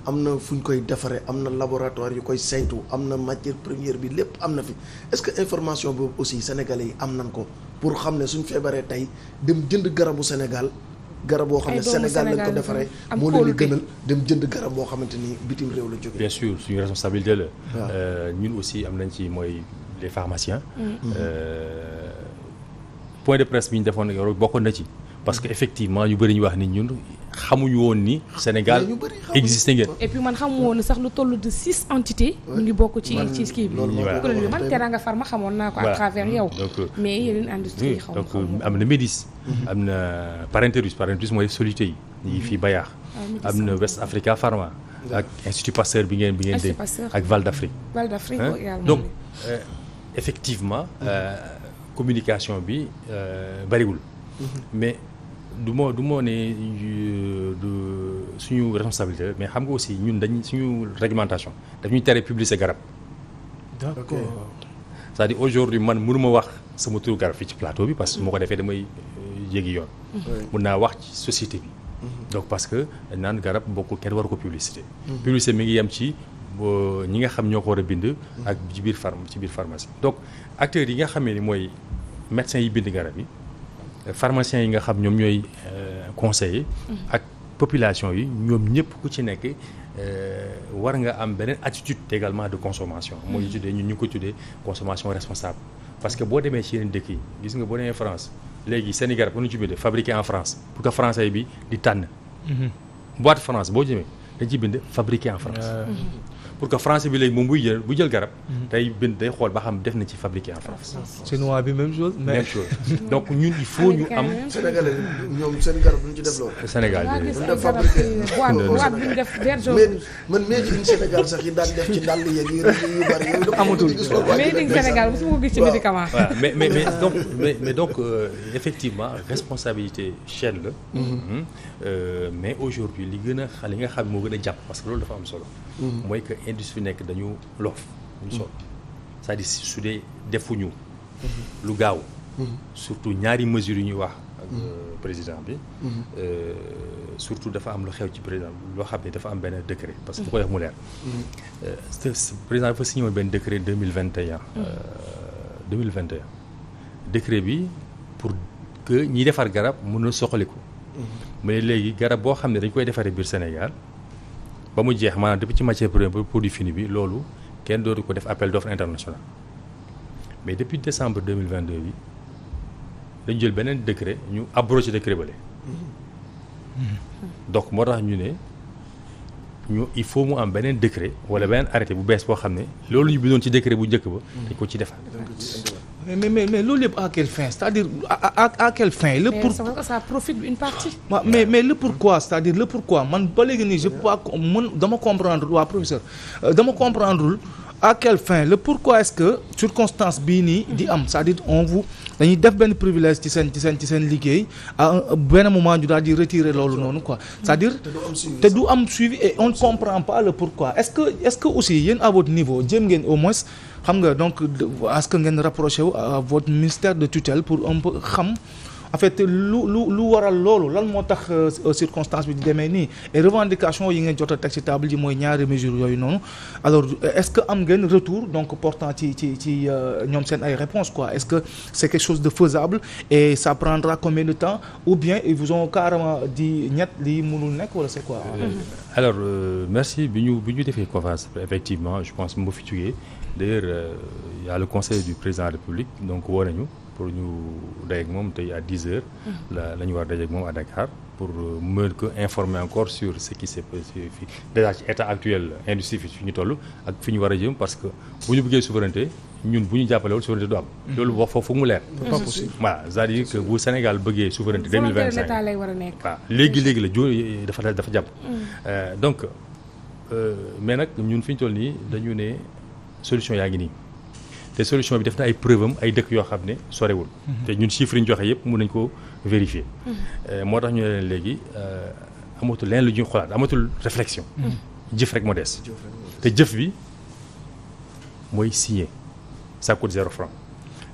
[SPEAKER 1] na fu koy defaree am na laboratoire yu koy saytu am na matière première bi lépp am na fi est que information boobu aussi Sénégalais yi am nañ ko pour xam ne suñ feebaree tey dem jënd garabu Sénégal garab boo xam ne Sénégal lañ ko defaree moo leen di gënal jënd boo xamante ni bitim réew la jógee.
[SPEAKER 3] bien sûr suñu responsabilité la. Euh, ñun aussi am nañ ci mooy les pharmaciens. Mm. Euh, point de presse bi ñu defoon ak yow bokkoon na ci parce que effectivement ñu bëri ñu wax ni ñun xamuñu woon ni Sénégal existé ngeen.
[SPEAKER 2] et puis man xamu woon sax lu toll de six entités. ñu ngi bokk ci ci kii bi. kuréel bi man Teranga Pharma xamoon naa ko à yow. Euh, mais yeneen industrie yi xaw
[SPEAKER 3] euh, am na Médis. Mhm. am na Parenterus Parenterus mooy solité yi. yi fii Bayaax. am na ah. West Africa Pharma. ak Institut Pasteur bi ngeen bi ngeen dégg. ak Val d'Afrique. communication bi euh, bariwul. Mhm. mais du moo du moo ne du suñu responsabilité mais xam nga aussi ñun dañ suñu réglementation daf ñuy tere publier garab.
[SPEAKER 1] d'accord
[SPEAKER 3] c'est-à-dire aujourd'hui man mënu wax sama turu garab fii ci plateau bi parce que moo ko defee damay euh, jéggi yoon. mun naa wax ci société bi. Mhm. donc parce que naan garab bokk kenn war ko publicité. Mhm. publicité mi ngi yem ci euh, ñi nga xam ñoo ko war a bind. ak ci biir pharm ci biir pharmacie. donc acteurs yi nga xamee ni mooy. médecins yi bind garab yi pharmaciens yi nga xam ñoom ñooy euh, conseiller mhm. ak population yi ñoom ñëpp ku ci nekk euh, war nga am beneen attitude également de consommation moo ñu mhm. ñun ñu ko tuddee consommation responsable parce que boo demee ci yeneen dëkk yi gis nga boo demee France léegi seen i garab bu ñu ci bindee fabriqué en France pour que français bi di tànn mhm. boîte France boo jëmee dañ ci bind fabriqué en France euh, pour que français bi léegi moom buy jël bu jël garab. tey mhm. bind day xool ba xam def na ci fabriqué en France. Ah,
[SPEAKER 5] chinois bi même chose. même chose
[SPEAKER 3] donc ñun il faut am.
[SPEAKER 1] sénégalais ñoom seen ci def loolu. Sénégal bi duñ def fabriqué. man mais ci def ci dàll yeeg yu
[SPEAKER 2] bari yooyu. donc mais
[SPEAKER 3] mais donc euh, effectivement responsabilité chaîne la. Mhm. Hmm. Euh, mais aujourd'hui li gën a xa li nga xam moo gën a jàpp parce que loolu dafa am solo. mooy que industrie nekk dañu loof ñu sol cest su dee defuñu lu gaaw surtout ñaari mesures yu ñuy wax ak euh, président bi euh, surtout dafa am lu xew ci président loo xam ne dafa am benn décret parce que bu ko wax mu leer euh, président dafa signé woon benn décret deux mille vingt et deux mille vingt et un décret bi pour que ñiy defar garab mën a soxaliku mm-hmm. mais léegi garab boo xam ne dañ koy defaree biir Sénégal ba mu jeex maanaam depuis ci matière première ba produit fini bi loolu kenn dootu ko def appel d'offre international mais depuis décembre 2022 bi dañu jël beneen décret ñu abrogé décret bële
[SPEAKER 4] mm-hmm.
[SPEAKER 3] donc moo tax ñu ne ñu il faut mu am beneen décret wala beneen arrêté bu bees boo xam ne loolu ñu bindoon ci décret bu njëkk ba dañ ko ci defal
[SPEAKER 5] mais mais mais loolu yëpp à quelle fin c'est-à-dire à à, la quelle fin. pour
[SPEAKER 2] mais ça profite une
[SPEAKER 5] c'est-à-dire le pourquoi man ba léegi nii je pas mën dama comprendre waa professeur euh, dama comprendre à quelle fin le pourquoi est-ce que circonstance bii nii di am cest on vu dañuy def benn privilège ci seen ci seen ci seen liggéey à benn moment ñu daal di retirer loolu noonu quoi cest à te du am suivi et on ne comprend pas le pourquoi est-ce que est-ce que aussi yéen à votre niveau jéem ngeen au moins xam nga donc est-ce que ngeen rapproché wu à votre ministère de tutelle pour un peu xam en fait lu lu waral loolu lan moo tax euh, circonstance bi di demee nii et revendication yi ngeen jot a teg ci table yi mooy ñaari mesures yooyu noonu alors est-ce que am ngeen retour donc portant ci ci ci euh, ñoom seen ay réponses quoi est-ce que c'est quelque chose de faisable et ça prendra combien de temps ou bien ils vous ont carrément dit ñett lii mënul nekk wala c'est quoi. Euh,
[SPEAKER 3] alors euh, merci bi ñu bi ñu defee conférence effectivement je pense moo fi jógee d'ailleurs il y a le conseil du président de la République pour ñu dajeek moom tey à 10 heures. Mm-hmm. la la ñu war a dajeek moom à Dakar pour euh, mën ko informer encore sur ce qui s'est passé fii déjà ci état actuel industrie fi ñu toll ak fi ñu war a jëm parce que bu ñu bëggee souveraineté ñun bu ñu jàppalewul souveraineté du am. Mm-hmm. loolu wax foofu mu leer. voilà c'est-à-dire que bu Sénégal bëggee souveraineté. 2025
[SPEAKER 2] waaw
[SPEAKER 3] léegi léegi la ju dafa dafa jàpp. Mm. Euh, donc euh, mais nag ñun fi ñu toll nii dañu ne solution yaa ngi nii. te solution bi def na ay preuve am ay dëkk yoo xam ne sorewul. Mhm. te ñun chiffres yi ñu joxe yëpp mun nañ ko vérifier. Mhm. Euh, moo tax ñu ne leen léegi euh, amatul lenn lu ñuy xolaat amatul réflexion. Mhm. jëf rek moo des. te jëf bi mooy signé ça coûte zéro franc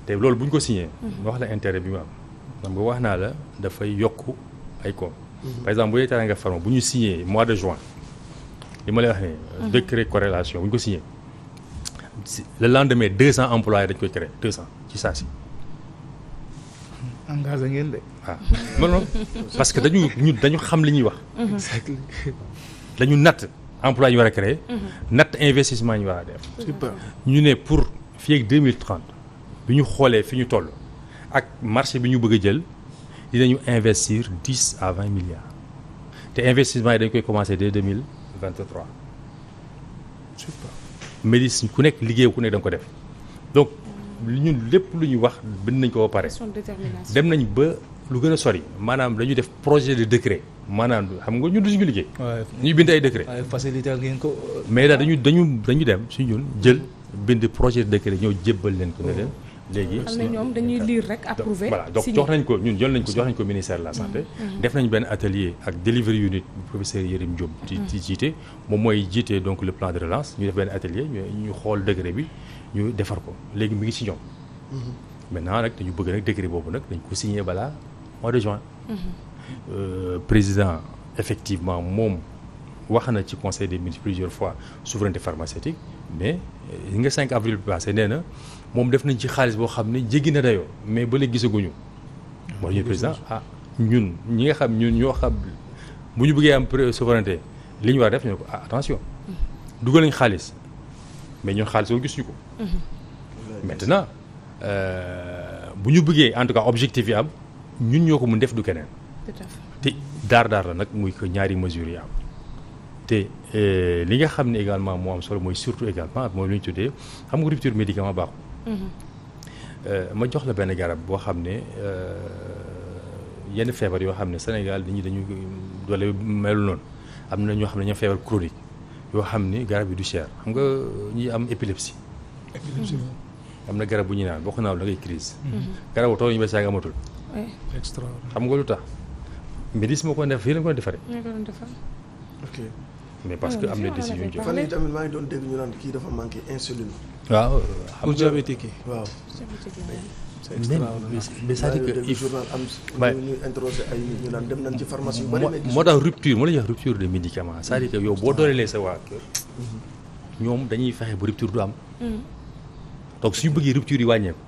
[SPEAKER 3] te loolu bu ñu ko signé. wax la intérêt bi mu am. xam wax naa la dafay yokk ay koom. par exemple bu bu ñu signé mois de juin li ma lay wax ne décret corrélation bu ñu ko signé. le lendemain deux cent employés dañ koy créé deux cent ci saa si.
[SPEAKER 5] engagé ngeen
[SPEAKER 3] de. waaw non parce que dañu ñu dañu xam li ñuy wax. dañu natt emplois ñu war a créé. Mhm. natt investissement ñu war a def. ñu ne pour fii ak deux mille trente bi ñu xoolee fi ñu toll ak marché bi ñu bëgg jël jël dinañu investir dix à vingt milliards te investissement yi dañ koy commencé dès deux mille vingt trois. médecine ku nekk liggéey ku nekk da ko def donc ñun lépp lu ñuy wax bind nañ ko ba pare. dem nañ ba lu gën a sori maanaam dañu def projet de décret maanaam xam nga ñun du suñu liggéey. ñuy bind ay décret. facilité ngeen ko. mais daal dañu dañu dañu dem si ñun jël bind projet de décret ñëw jébbal leen ko ne leen. léegi xam ne
[SPEAKER 2] ñoom dañuy lire rek approuver jox
[SPEAKER 3] nañ ko ñun jël nañ ko jox nañ ko ministère de la santé mm-hmm. Mm-hmm. def nañ benn atelier ak delivery unit bu professeur Yérim Diop ci mm-hmm. jiite moom mooy jiite donc le plan de relance ñu def benn atelier ñu xool degré bi ñu defar ko léegi mi ngi ci ñoom maintenant nag dañu bëgg nag décret boobu nag dañ ko signé balaa euh, président effectivement moom wax na ci conseil des ministres plusieurs fois souveraineté pharmaceutique mais li euh, nga 5 avril bi passé nee na moom def nañ ci xaalis boo xam ne jéggi na dayoo mais ba léegi gisaguñu. moo ñu président ah ñun ñi nga xam ñun ñoo xam bu ñu bëggee am souveraineté li ñu war def ñu ko ah attention dugal nañ xaalis mais ñun xaalis boobu gisuñu ko. maintenant euh, bu ñu buggee en tout cas objectif yi am ñun ñoo ko mun def du keneen. te daar daar la nag muy que ñaari mesures yi am. te euh, li nga xam ne également moo am solo mooy surtout également mooy lu ñu tuddee xam nga rupture médicament baaxul. Mhm. Euh, ma jox la benn garab boo xam ne euh, yenn feebar yoo xam ne Sénégal nit ñi dañu doole melul noonu am na ñoo xam ne ñoo feebar chronique yoo xam ne garab yi du cher xam nga ñi am épilepsie. Mhm. am na garab bu ñuy naan bokk naa da ngay crise mhm. garabu tool yi ba saa amatul. xam nga lu tax. mbir moo ko def fii la ko defaree. mais parce que am na décision jël fan yii
[SPEAKER 1] tamit maa ngi doon dégg ñu naan kii dafa manqué insuline.
[SPEAKER 3] Euh, am
[SPEAKER 1] ñu interrogé ay ñu dem nañ ci pharmacie yu moo tax
[SPEAKER 3] rupture moo la ñuy wax rupture de médicament c'est-à-dire que yow boo dooleelee sa waa kër ñoom dañuy fexe bu rupture du am mm-hmm. donc suñu bëggee rupture yi wàññeeku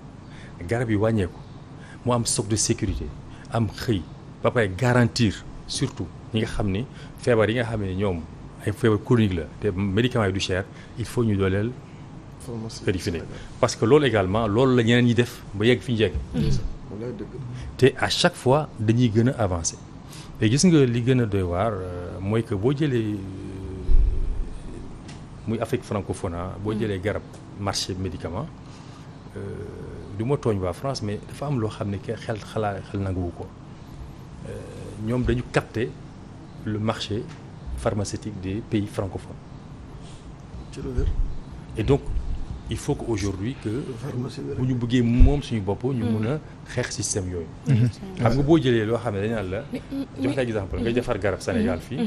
[SPEAKER 3] garab yi wàññeeku mu am stock de sécurité am xëy ba pare garantir surtout ñi nga xam ni feebar yi nga xam ne ñoom ay feebar chronique la te médicament yi du cher il faut ñu dooleel kër yi parce que loolu également loolu la ñeneen ñi def ba yegg fi ñu yegg te à chaque fois dañuy gën a avancer gis nga li gën a doy waar euh, mooy que boo jëlee euh, muy Afrique francophone ah, boo mm. jëlee garab marché médicament euh, du ma tooñ waa France mais dafa am loo xam ne kenn xel xalaa xel nanguwu ko ñoom dañu capter le marché pharmaceutique des pays francophones. et donc il faut qu'aujourd'hui que bu ñu bëggee moom suñu bopp ñu mun a xeex système yooyu
[SPEAKER 4] mhm. xam nga
[SPEAKER 3] boo jëlee loo xam ne dañ naan la
[SPEAKER 4] jox la exemple ngay mhm. defar garab Sénégal mhm. fii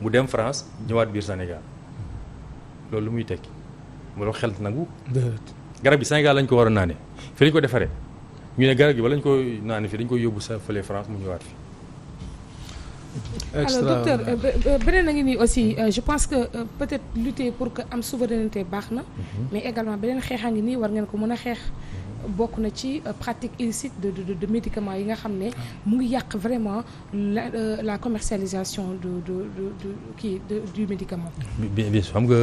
[SPEAKER 3] mu dem France ñëwaat biir Sénégal loolu lu muy tekki loolu xel nangu garab bi Sénégal lañ ko war a naanee fi lañ ko defaree ñu ne garab gi ba lañ ko naanee fii dañ koy yóbbu sa fële France mu ñëwaat fii alors docteur
[SPEAKER 2] euh, beneen a ngi nii aussi euh, je pense que euh, peut-être lutter pour que am souveraineté baax na mhm. mais également beneen xeexaa ngi nii war ngeen ko mën a xeex mhm. bokk na ci pratique illicite de de de médicaments yi nga xam ne ah. mu ngi yàq vraiment la la commercialisation du du du kii du médicament.
[SPEAKER 3] bien bi sûr xam nga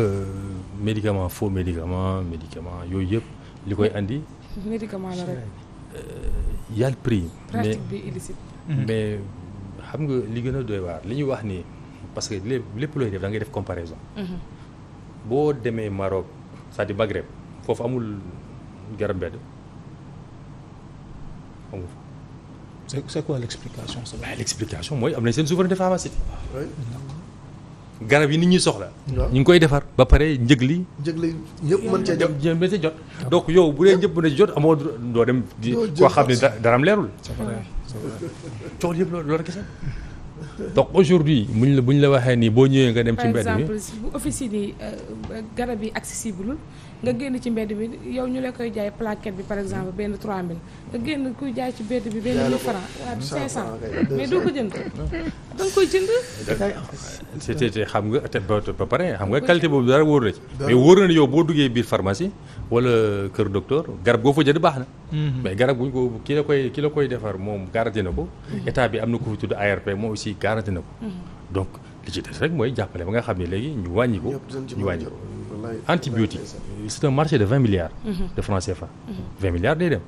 [SPEAKER 3] médicament faux médicament médicament yooyu yëpp li koy andi.
[SPEAKER 2] médicament la rek.
[SPEAKER 3] y a le prix. pratique bi illicite mhm. xam nga li gën a doy waar li ñuy wax nii parce que lépp looy def da ngay def comparaison. Mhm. boo demee Maroc c'est-à-dire Maghreb foofu amul garab mbedd amul fa.
[SPEAKER 5] c'est c'est quoi l'explication ça va l'explication mooy am nañ seen souveraineté
[SPEAKER 3] pharmaceutique. garab yi nit ñuy soxla. ñu ngi koy defar ba pare njëg li. njëg li ñëpp mën cee jot ñëpp mën cee jot. donc yow bu dee ñëpp mën a jot amoo doo dem. di koo xam ne dara am leerul. coow yëpp loolu kese donc aujourd'hui buñ la buñ la waxee nii boo ñëwee nga dem ci mbedd mi par
[SPEAKER 2] exemple bu office yi euh, garab yi accessible nga génn ci mbedd mi yow ñu la koy jaay plaquette bi par exemple benn 3000 nga génn kuy jaay ci mbedd bi benn 1000 francs waaw 500 mais doo ko jënd da nga koy jënd.
[SPEAKER 3] c'était xam nga te ba pare xam nga qualité boobu dara wóor la ci. mais wóor na ne yow boo duggee biir pharmacie. wala kër docteur garab goo fa jënd baax na. Mhm. mais garab guñ ko ki la koy ki koy defar moom garanti na ko. Mhm. état bi am na ko fi tudd ARP moom aussi garanti na ko. Mhm. donc li rek mooy jàppale ba nga xam ne léegi ñu wàññi ko. ñu wàññi ko antibiotique. c'est un marché de vingt milliards. de francs CFA. vingt milliards day dem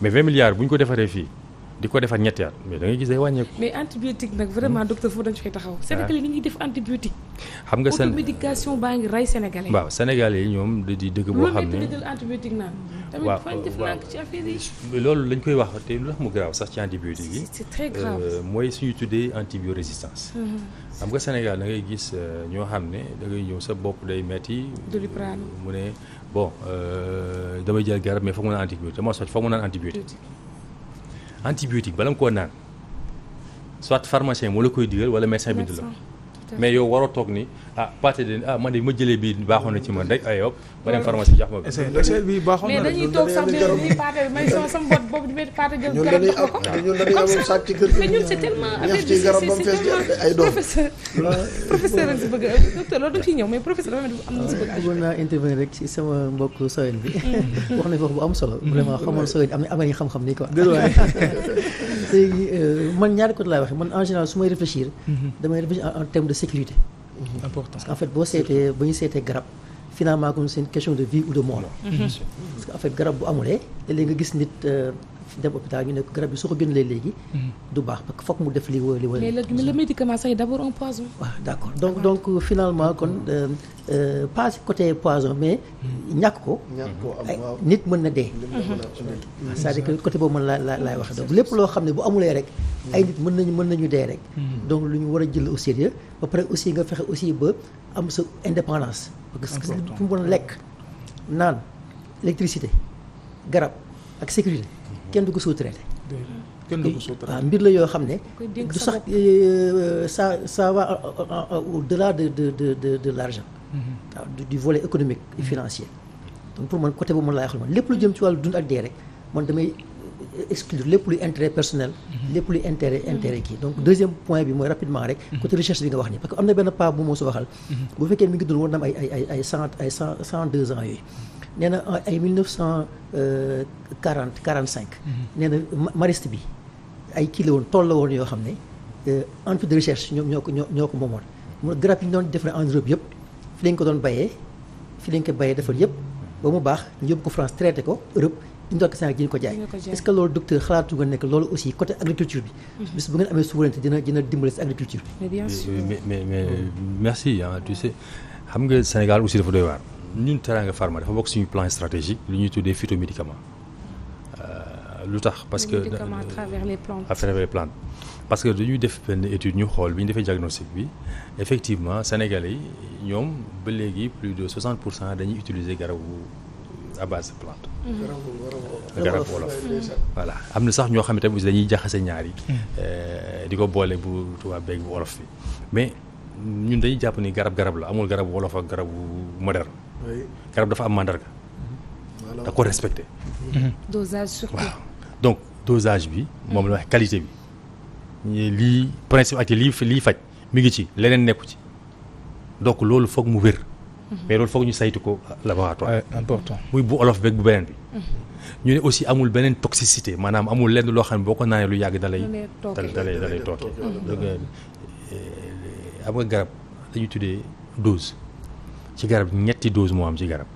[SPEAKER 3] mais vingt milliards bu ñu ko defaree fii. di ko defaat ñetti at mais da ngay gis day wàññeeku.
[SPEAKER 2] mais antibiotique nag vraiment hmm. docteur foofu dañu fay taxaw. waaw sénégalais ni ñuy def antibiotique. xam nga seen baa ngi rey
[SPEAKER 3] sénégalais. ñoom di dëgg boo. xam ne loolu jël
[SPEAKER 2] antibiotique naan. Hmm. waaw
[SPEAKER 3] loolu lañ koy wax te lu tax mu grave sax ci antibiotique yi. c'est très grave euh, mooy suñu tuddee antibiorésistance. Hmm. xam nga Sénégal da ngay gis euh, ñoo xam ne dangay ñëw sa bopp day metti. mu ne bon euh, damay jël garab mais foog moo soxla foog mu naan antibiotique antibiotique bala nga koo naan soit pharmacien moo la koy digal wala médecin bind la mais yow waroo toog ni ah pâté de ah man de ma jëlee bii baaxoon na ci man rek ay yow ma dem pharmacie jox ma
[SPEAKER 5] bi baaxoon mais dañuy bi pâté may sama
[SPEAKER 2] sama bot boobu di pâté jël garab ñun dañuy ci kër gi ñun ay doom professeur professeur la si bëgg ñëw mais professeur am na si bëgg ah, bëggoon
[SPEAKER 6] naa intervenir rek ci sama mbokk Sowen bi mm. wax na fi bu am solo vraiment mm. xamoon Sowen am na amee xam-xam nii quoi léegi euh, man ñaari côté laay waxee man en su may réfléchir. Mhm. damay réfléchir en terme de sécurité. Mhm. parce que en fait boo seetee ba ñu seetee garab finalement comme c'est une question de vie ou de mort mhm.
[SPEAKER 4] parce
[SPEAKER 6] que en fait garab bu amulee léeg nga gis nit. Euh, dem hôpital ñu ne garab yi soo ko génnee léegi. Mhm. du baax parce que mu def li wala li wala. mais
[SPEAKER 2] le le médicament c'est d'abord un poison. waaw
[SPEAKER 6] d'accord donc euh, finalement kon euh, euh, pas si poison mais. Mhm. ñàkk ko. ñàkk ko nit mën na dee. cest à coté que côté boobu mën la la laay wax mhm. lépp loo xam ne bu amulee rek. ay nit mën nañu mën nañu dee rek. donc lu ñu war a jël au sérieux ba pare aussi nga fexe aussi ba am sa indépendance. parce que fu mu mën lekk naan électricité garab ak sécurité. kenn du ko soo traité kenn du mbir la yoo xam ne. du sax euh, ça ça va euh, euh, au-delà de de de de de l'argent. Mm-hmm. waaw du volet économique et mm-hmm. financier. donc pour man côté boobu man laay wax man lépp lu jëm ci wàllu dund ak dee rek man damay exclure lépp luy intérêt personnel. Mm-hmm. lépp luy intérêt intérêt kii donc deuxième point bi mooy rapidement rek. côté recherche bi nga wax ni parce am na benn paa bu moo su waxal. bu fekkee mi ngi dund war na am ay cent ay cent cent deux ans yooyu. nee na euh, ay 1940 45. Euh, mm-hmm. nee na mariste bi ay kii la woon tool la woon yoo xam ne euh, entreprise de recherche ñoom ñoo ko ñoo ko moomoon. mu garab yi ñu doon defaree en Europe yëpp fi lañ ko doon bayee fi lañ ko bayee defar yëpp ba mu baax ñu yóbbu ko France traité ko Europe. ñu doog Sénégal ñu ko jaay est loolu docteur xalaatu nga nekk loolu aussi côté agriculture bi. Mm-hmm. bis bu ngeen amee souveraineté dina dina dimbali si agriculture bi.
[SPEAKER 3] merci xam nga Sénégal aussi dafa doy waar. ñun Teranga Pharma dafa bokk suñu plan stratégique lu ñu tuddee phytomédicament euh, lu tax parce que à travers les plantes parce que dañuy def benn étude ñu xool bi ñu defee diagnostic bi effectivement sénégalais yi ñoom ba léegi plus de 60 pour cent dañuy utiliser garabu à base de plante. garab wolof voilà am na sax ñoo xam ne tamit dañuy jaxase ñaar yi. Hmm. Euh, di ko boole bu tubaab beg bu wolof bi mais ñun dañuy jàpp ni garab garab la amul garab wolof ak garabu moderne. garab dafa am mandarga. da ko respecté. Mhm.
[SPEAKER 2] dosage surtout waaw
[SPEAKER 3] donc dosage bi. moom la wax qualité bi. ñu lii principe actif lii lii faj mi ngi ci leneen nekku ci donc loolu foog mu wér. Mhm. mais loolu foog ñu saytu ko laboratoire. important muy bu olof beeg bu beneen bi. Mhm. ñu ne aussi amul beneen toxicité maanaam amul lenn loo xam ne boo ko naanee lu yàgg dalay lay. da lay da lay am nga garab dañuy tuddee dose. ci garab ñetti dose moo am ci garab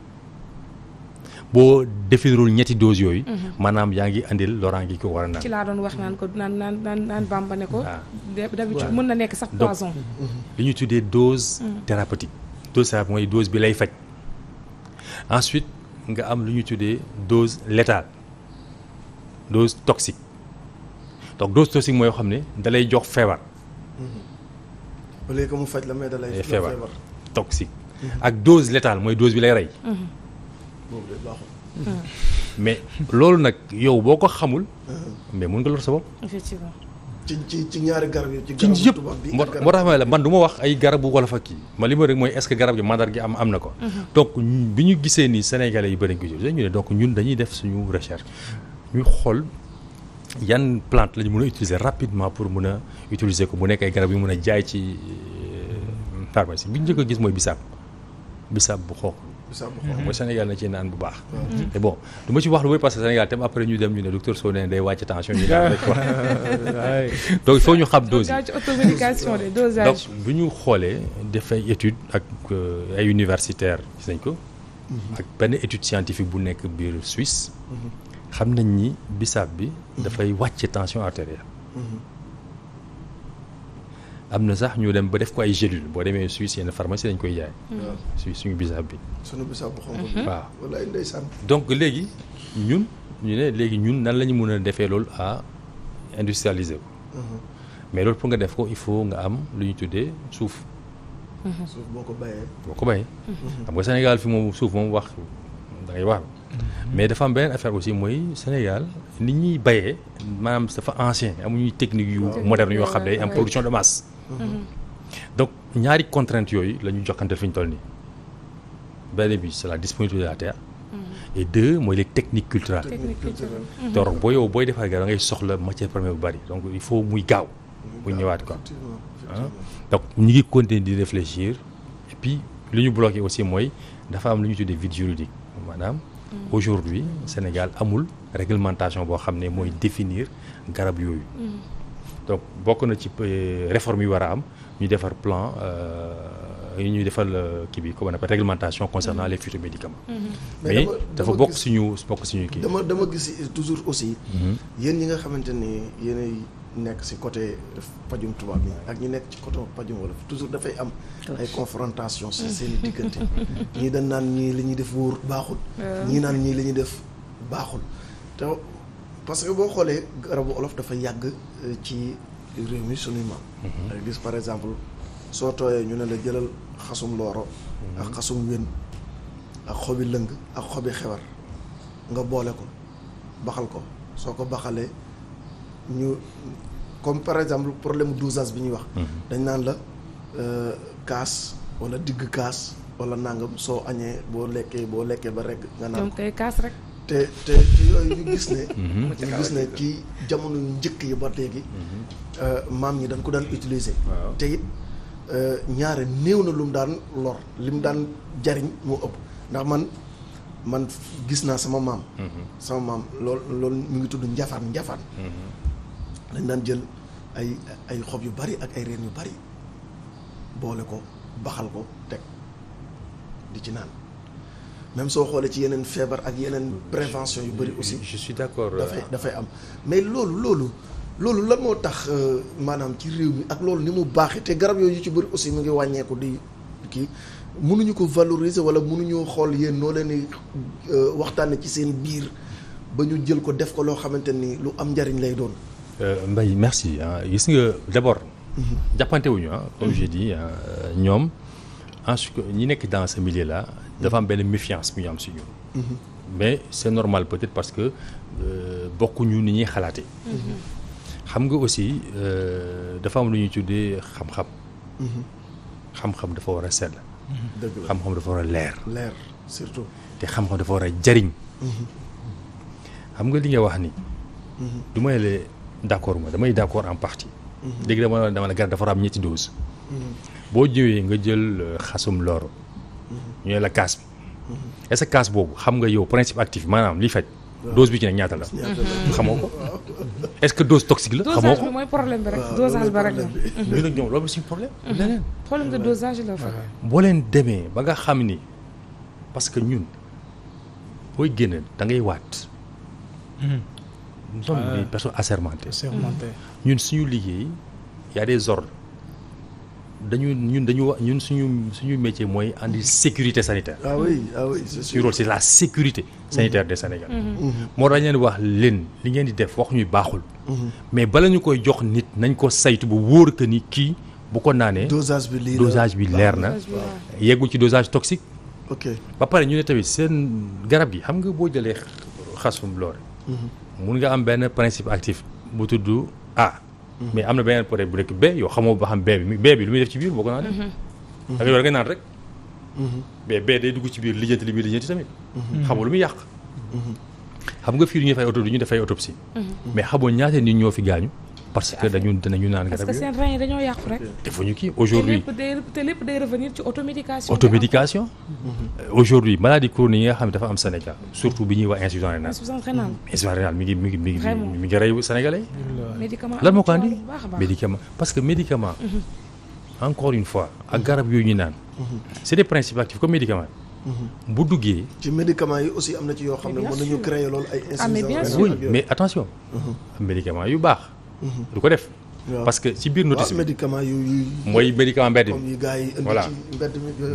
[SPEAKER 3] boo définirul ñetti dose yooyu. Mhm. maanaam yaa ngi andil loraan gi ko war a naan. ci
[SPEAKER 2] laa doon wax naan ko naan naan naan bàmba ne ko. d'habitude mën na nekk sax poison.
[SPEAKER 3] lu ñu tuddee dose. Mhm. thérapeutique dose thérapeutique mooy dose bi lay faj. ensuite nga am lu ñu tuddee dose létale dose toxique donc dose toxique mooy xam ne dalay jox feebar.
[SPEAKER 1] Mhm. ba léegi mu faj la mais dalay feebar
[SPEAKER 3] toxique. ak dose létale mooy dose bi lay rey. Mhm. mais loolu nag yow boo ko xamul. Mhm. mais mun nga lor sa bopp.
[SPEAKER 1] effectivement. ci ñaari garab yi ci garab yëpp
[SPEAKER 3] ma man du ma wax ay garabu wala fa kii ma li ma rek mooy est-ce garab gi mandar gi am am na ko. Mhm. donc bi ñu gisee ni sénégalais yi bëri nañ ko ñu ñun dañuy def suñu recherche xool. yan plante la ñu mën a pour mën a utiliser ko mu nekk garab yu mën a jaay ci euh, pharmacie bi ñu njëkk a gis mooy bisaab bisaab bu xonq mooy Sénégal na ci naan bu baax mm-hmm. bon du ma ci wax lu bëri parce que Sénégal tam après ñu dem ñu ne docteur Sow nee day wàcc tension ñu naan rek wax donc bu ñu xoolee def ay ak euh, universitaire gis ko mm-hmm. benn étude scientifique bu nekk biir Suisse mm-hmm. xam nañ ni bisaab bi dafay wàcc tension artérielle am na sax ñu dem ba def ko ay gélule boo demee Suisse yenn pharmacie dañ koy jaay. Mm-hmm. waaw suñu bisaab bi.
[SPEAKER 1] suñu bisaab bu xonq. Mm-hmm. waaw walaay
[SPEAKER 5] ndeysaan.
[SPEAKER 3] donc léegi ñun ñu ne léegi ñun nan la ñu mën a defee loolu à industrialiser ko. Mm-hmm. mais loolu pour nga def ko il faut nga am lu ñu tuddee suuf.
[SPEAKER 1] boo ko bayee. boo ko xam nga
[SPEAKER 3] Sénégal fi moom suuf moom wax da ngay wax. mais dafa am beneen affaire aussi mooy Sénégal ni ñuy bayee maanaam dafa ancien amuñuy technique yu moderne yoo xam ne am production de masse. Mm-hmm. donc ñaari contraintes yooyu la ñu jokkante fi ñu toll nii benn bi c'est la disponibilité de la terre. Mm-hmm. et deux mooy les technique culturelles.
[SPEAKER 1] techniques culturelles. Mm-hmm. donc boo
[SPEAKER 3] yow booy defar garab da soxla matière première bu bari donc il faut muy gaaw. muy ñëwaat quoi donc ñu ngi continuer di réfléchir et puis li ñu bloqué aussi mooy dafa am lu ñu tuddee vide juridique maanaam. aujourd'hui Sénégal amul réglementation boo xam ne mooy définir garab yooyu. donc bokk na ci euh, réforme yu war a am ñu defar plan yi euh, ñuy defal euh, kii bi comment on appelle réglementation concernant les futurs médicaments. Mhm. mais dafa bokk suñu bokk suñu kii. dama dama
[SPEAKER 1] gis toujours aussi. Mhm. yéen ñi nga xamante ni yéenay nekk ci côté pajum tubaab yi ak ñi nekk ci côté pajum wala toujours dafay am. ay confrontation ci seen diggante. ñii dañ naan ñii li ñuy def wóor baaxul. ñii naan ñii li ñuy def baaxul parce que boo xoolee garabu olof dafa yàgg euh, ci réew mi suñuy maam. da mhm. gis par exemple soo tooyee ñu ne la jëlal xasum looro. Mhm. ak xasum wén ak xobi lëng ak xobi xewar nga boole ko baxal ko soo ko baxalee ñu comme par exemple problème dosage bi ñuy wax. Mhm. dañ naan la euh, kaas wala digg kaas wala nanga soo añee boo lekkee boo lekkee ba rek. nga naan
[SPEAKER 2] ñoom kaas rek.
[SPEAKER 1] te te yooyu ñu gis ne. Mhm. ñu gis ne ci jamono njëkk yi ba léegi. Mhm. Euh, maam ñi dañ ko daan utiliser. tey it euh, ñaare néew na lu mu daan lor li mu daan jariñ moo ëpp ndax man man gis naa sama maam. Mhm. sama maam lool loolu mu ngi tudd njafaan njafaan. dañ daan jël ay ay xob yu bari ak ay reen yu bari boole ko baxal ko teg di ci naan. même soo xoolee ci yeneen feebar ak yeneen prévention yu bëri aussi. je suis d'accord euh, dafay dafay am mais loolu loolu. loolu lan moo tax euh, maanaam ci réew mi ak loolu ni mu baaxee te garab yooyu ci bëri aussi mu ngi wàññeeku di kii mënuñu ko valoriser wala mënuñoo xool yéen noo leen waxtaan euh, waxtaanee ci seen biir ba ñu jël ko def ko loo xamante ni lu am njariñ lay doon.
[SPEAKER 3] Mbaye merci gis nga d'abord. Mhm. jàppante wuñu ah comme mhm. j'ai dit ñoom en ñi nekk dans ce milieu là dafa am benn méfiance bu ñu am si mhm. mais c' normal peut être parce que euh, bokkuñu ni ñuy xalaate mhm. xam nga aussi euh, dafa am lu ñuy tuddee xam-xam. Mhm. xam-xam dafa war a sedd xam-xam dafa war a leer. leer surtout. te xam-xam dafa war a jariñ. xam nga li nga wax ni. du may la d' accord ma damay d' accord en partie. léegi dama dama la garab dafa war a am ñetti dose. boo jiwee nga jël euh, xasum looro. ñu ne la kaas bi est-ce kaas boobu xam nga yow principe actif maanaam li faj dose bi ci ne ñaata la xamoo ko est-ce que dose toxique la xamoo ko
[SPEAKER 2] mooy problème bi rek dosage ba rek mhm.
[SPEAKER 3] boo leen demee ba nga xam ni parce que ñun booy génn da ngay waat hmm. nous sommes ñun suñu liggéey y a des dañu ñun dañu wax ñun suñu suñu métier mooy andi sécurité sanitaire. ah si ah la sécurité sanitaire de Sénégalais. Mm-hmm. Mm-hmm. Mm-hmm. moo tax leen wax leen li ngeen di def wax ñuy baaxul. mais bala ñu koy jox nit nañ ko saytu bu wóor que ni kii bu ko naanee. dosage bi leer dosage bi leer na. yeggul ci dosage toxique. ba pare ñu ne tamit seen garab gi xam nga boo jëlee xasum loore. mun nga am benn principe actif bu tudd A. Mm-hmm. mais am na beneen peut bu nekk bee yoo xamoo ba xam bee bi bee bi lu muy def ci biir boo ko naan def ak yow da ngay naan rek
[SPEAKER 4] mm-hmm.
[SPEAKER 3] mais bee day dugg ci biir lijjanti li muy lijjanti tamit mm-hmm. xamoo lu muy yàq xam nga fii du ñu fay auto du ñu def ay autopsie mais xamoo ñaata nit ñoo fi gaañu parce que dañu dinañu naan garab parce que seen
[SPEAKER 2] rein yi dañoo yàqu rek.
[SPEAKER 3] defuñu kii aujourd'hui
[SPEAKER 2] te lépp day revenir ci
[SPEAKER 3] automédication. Mhm. aujourd'hui maladie chronique yi nga xam ne dafa am Sénégal surtout bi ñuy wax insuffisance rénale. insuffisance rénale. insuffisance rénale mi rey sénégalais.
[SPEAKER 2] médicament lan médicament
[SPEAKER 3] parce que médicament.
[SPEAKER 2] Mhm.
[SPEAKER 3] encore une fois ak garab yooyu ñu naan. Mhm. c'est des bu am na
[SPEAKER 1] ci yoo xam ne mën nañu créer loolu ay.
[SPEAKER 3] Ah, yu baax. du ko def. parce que ci biir notice bi médicament yu mooy médicament mbedd mi voilà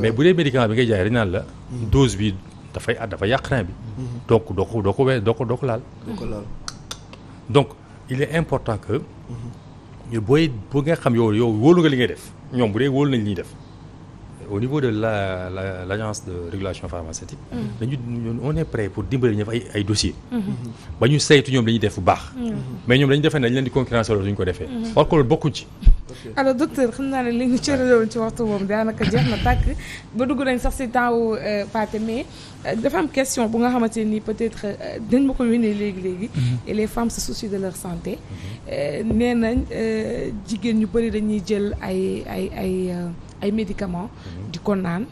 [SPEAKER 3] mais bu dee médicament bi ngay jaay dañ naan la. Hmm. dose bi dafay dafa yàq rein bi. Hmm. donc doo ko doo ko we laal. donc il est important que. Hmm. booy bu nga xam yow yow wóolu nga li ngay def ñoom bu dee wóolu nañ li ñuy def. au niveau de la la l' agence de régulation pharmaceutique. dañu mm. on est pour dimbali ñu def ay ay mm-hmm. ba ñu saytu ñoom li ñuy def bu baax. Mm-hmm. mais ñoom lañu defee nañ dañu leen di concurrence loolu duñu ko defee. Mm-hmm. or que loolu bokkuñ ci.
[SPEAKER 2] alors docteur xam naa ne li ñu cëraloon ci waxtu boobu daanaka jeex na tàkk ba dugg nañ sax si temps wu euh, Pathé mais euh, dafa am question bu nga xamante nii peut-être euh, dañ ma ko yónnee léegi léegi. et les femmes se soucient de leur santé. nee nañ jigéen ñu bëri dañuy jël ay ay ay. ay médicaments. Mhm. di ko naan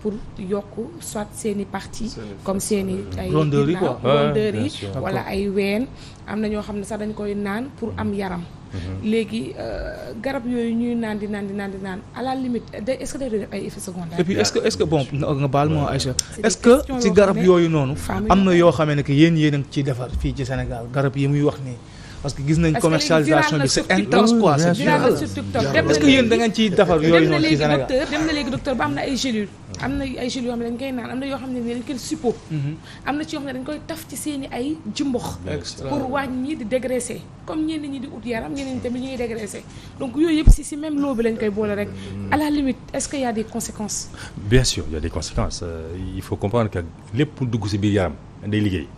[SPEAKER 2] pour yokk soit seen i partie comme seen i euh, ay rondeur yi quoi rondeur yi wala ay ween am na ñoo xam ne sax dañ koy naan pour am mhm. yaram mhm. léegi euh, garab yooyu ñuy naan di naan di naan di naan à la limite day est-ce que day def ay effets secondaires. et puis est-ce
[SPEAKER 5] que est-ce que bon nga baal ma Aïcha est-ce que ci garab yooyu noonu am na yoo xamee ne que yéen yéen a ngi ciy defar fii ci Sénégal garab yi muy wax nii parce que gis nañ commercialisation bi c'est intense quoi c'est viral sur TikTok est-ce que yéen da ngeen ciy defar yooyu noonu ci Sénégal
[SPEAKER 4] dem na
[SPEAKER 2] léegi docteur ba am na ay gélules am na ay gélules yoo xam ne dañ koy naan am na yoo xam ne dañ koy suppo mhm. am na ci yoo xam ne dañ koy taf ci seeni ay jumbox pour wàññi di dégraisser comme ñenn ñi di ut yaram ñenn ñi tamit ñuy dégraisser donc yooyu yëpp si si même loo bi lañ koy boole rek mhm. à la limite est-ce qu'il y a des conséquences
[SPEAKER 3] bien sûr il y a des conséquences euh, il faut comprendre que lépp dugg si biir yaram day liggéey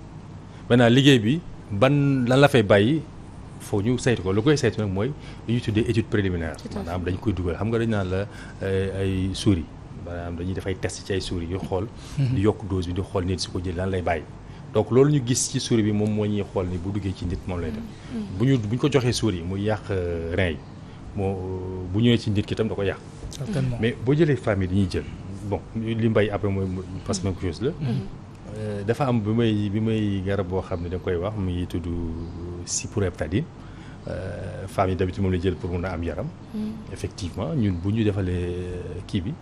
[SPEAKER 3] maintenant liggéey bi ban lan la fay bàyyi foo ñu saytu ko lu koy saytu nag mooy li ñuy tuddee étude préliminaire am dañ koy dugal xam nga dañ naan la euh, ay souris maanaam dañuy dafay test ci ay souris yu xool mhm. di yokk dose bi di xool nit su ko jël lan lay bàyyi donc loolu ñu gis ci souris bi moom moo ñu xool ni bu duggee ci nit moom lay def mhm. bu ñu ko joxee souris muy yàq euh, rein yi moo bu ñëwee ci nit ki tam da ko yàq mais boo jëlee famille dañuy jël bon li mbay après mooy parce que même chose la mhm. euh, dafa am bi may bi may garab boo xam ne da koy wax muy tudd si pour heptadine euh, femmes yi d'habitude moom la jël pour mun a am yaram. Mm. effectivement ñun bu ñu defalee kii bi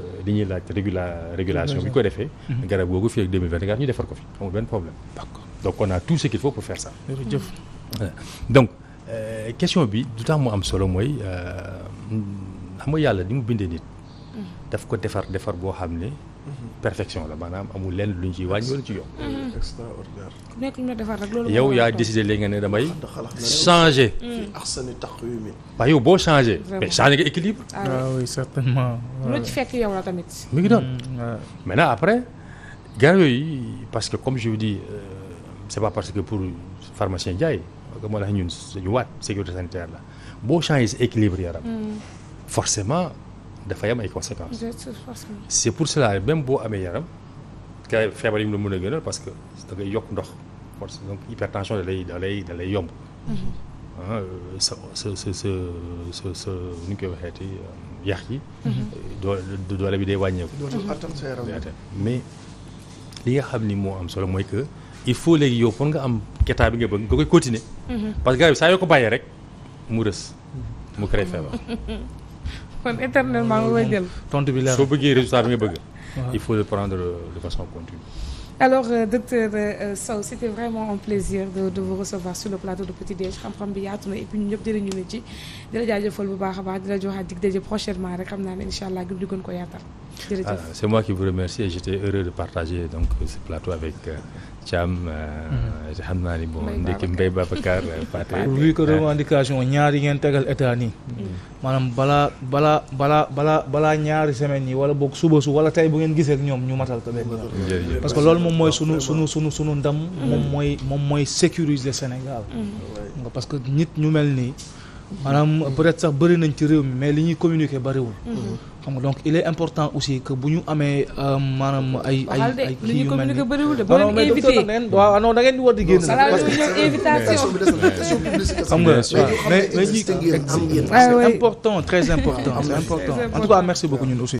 [SPEAKER 3] euh, li ñuy laaj régula régulation bi ko defee. Mm-hmm. garab googu fii ak ñu defar ko fi amul benn problème. donc a tout ce qu'il faut pour faire ça. jërëjëf euh, question bi du tax mu am solo mooy xam nga yàlla ni mu bindee nit. Mm. daf ko defar defar boo xam ne. perfection la maanaam amul leen lu ciy wàññi wala ci yokk.
[SPEAKER 4] Mm-hmm. extraordinaire.
[SPEAKER 2] ku nekk lu ñu defar rek loolu yow yaa décidé
[SPEAKER 3] léegi nga ne damay. changer. waaye yow boo changé. mais changé nga équilibre. ah oui ah ci
[SPEAKER 2] fekk yow la tamit. mi ngi doon
[SPEAKER 3] mm, maintenant après garab yooyu parce que comme je di dis euh, c'est pas parce que pour pharmacien Ndiaye moo tax ñun suñu waat sécurité sanitaire la boo changé sa équilibre yaram. Mm. forcément. dafay am ay conséquences. c'est pour cela même boo amee yaram kay feebar yi mu la mun a gën gënal parce que da ngay yokk ndox force donc hypertension da lay da lay da lay yomb. Mm-hmm. ah sa sa sa sa sa nu ñu koy waxeeti euh, yàq yi. Mm-hmm. doo doole bi day wàññeeku. mais li nga xam ni moo am solo mooy que il faut léegi yow pour nga am état bi nga bëgg nga koy continuer. Mm-hmm. parce que garab bi saa yoo ko bàyyee rek mu rës mu créé feebar.
[SPEAKER 2] kon éternellement nga koy jël.
[SPEAKER 3] bi la soo bëggee résultat bi nga bëgg. il faut le prendre de façon continue.
[SPEAKER 2] alors euh, docteur euh, Sow c'était vraiment un plaisir de de recevoir sur le plateau de Petit Déj xam-xam bi yaatu na et puis ñu ñëpp jëriñu na ci di la jaajëfal bu baax a baax di la joxaat dig daje prochainement rek xam naa ne incha allah gëm di gën ko yaatal. Ah,
[SPEAKER 3] c'est moi qui vous remercie et j'étais heureux de partager donc ce plateau avec. Euh, Thiam. Mm-hmm. Eh, xam naa ni bon ndekki Mbaye Babacar Pathé. Eh, vu que
[SPEAKER 5] revendication ñaari ngeen tegal état nii. Mm-hmm. maanaam balaa balaa balaa balaa balaa ñaari semaines yi wala boog suba su wala tey bu ngeen gisee ak ñoom ñu matal ko benn parce que loolu moom mooy sunu mm-hmm. sunu sunu sunu ndam. moom mooy moom mooy sécuriser Sénégal. parce que nit ñu mel nii. maanaam peut-être sax bëri nañ ci réew mi mais li ñuy communiquer bëriwul. xam nga donc il est important aussi que bu ñu amee euh, maanaam ay. ay kii yu mel nii waaw ah mais docteur neen waaw ah non da war di génn. parce que invitation
[SPEAKER 4] xam nga
[SPEAKER 5] mais mais ah c'est important très important en tout cas merci beaucoup ñun aussi.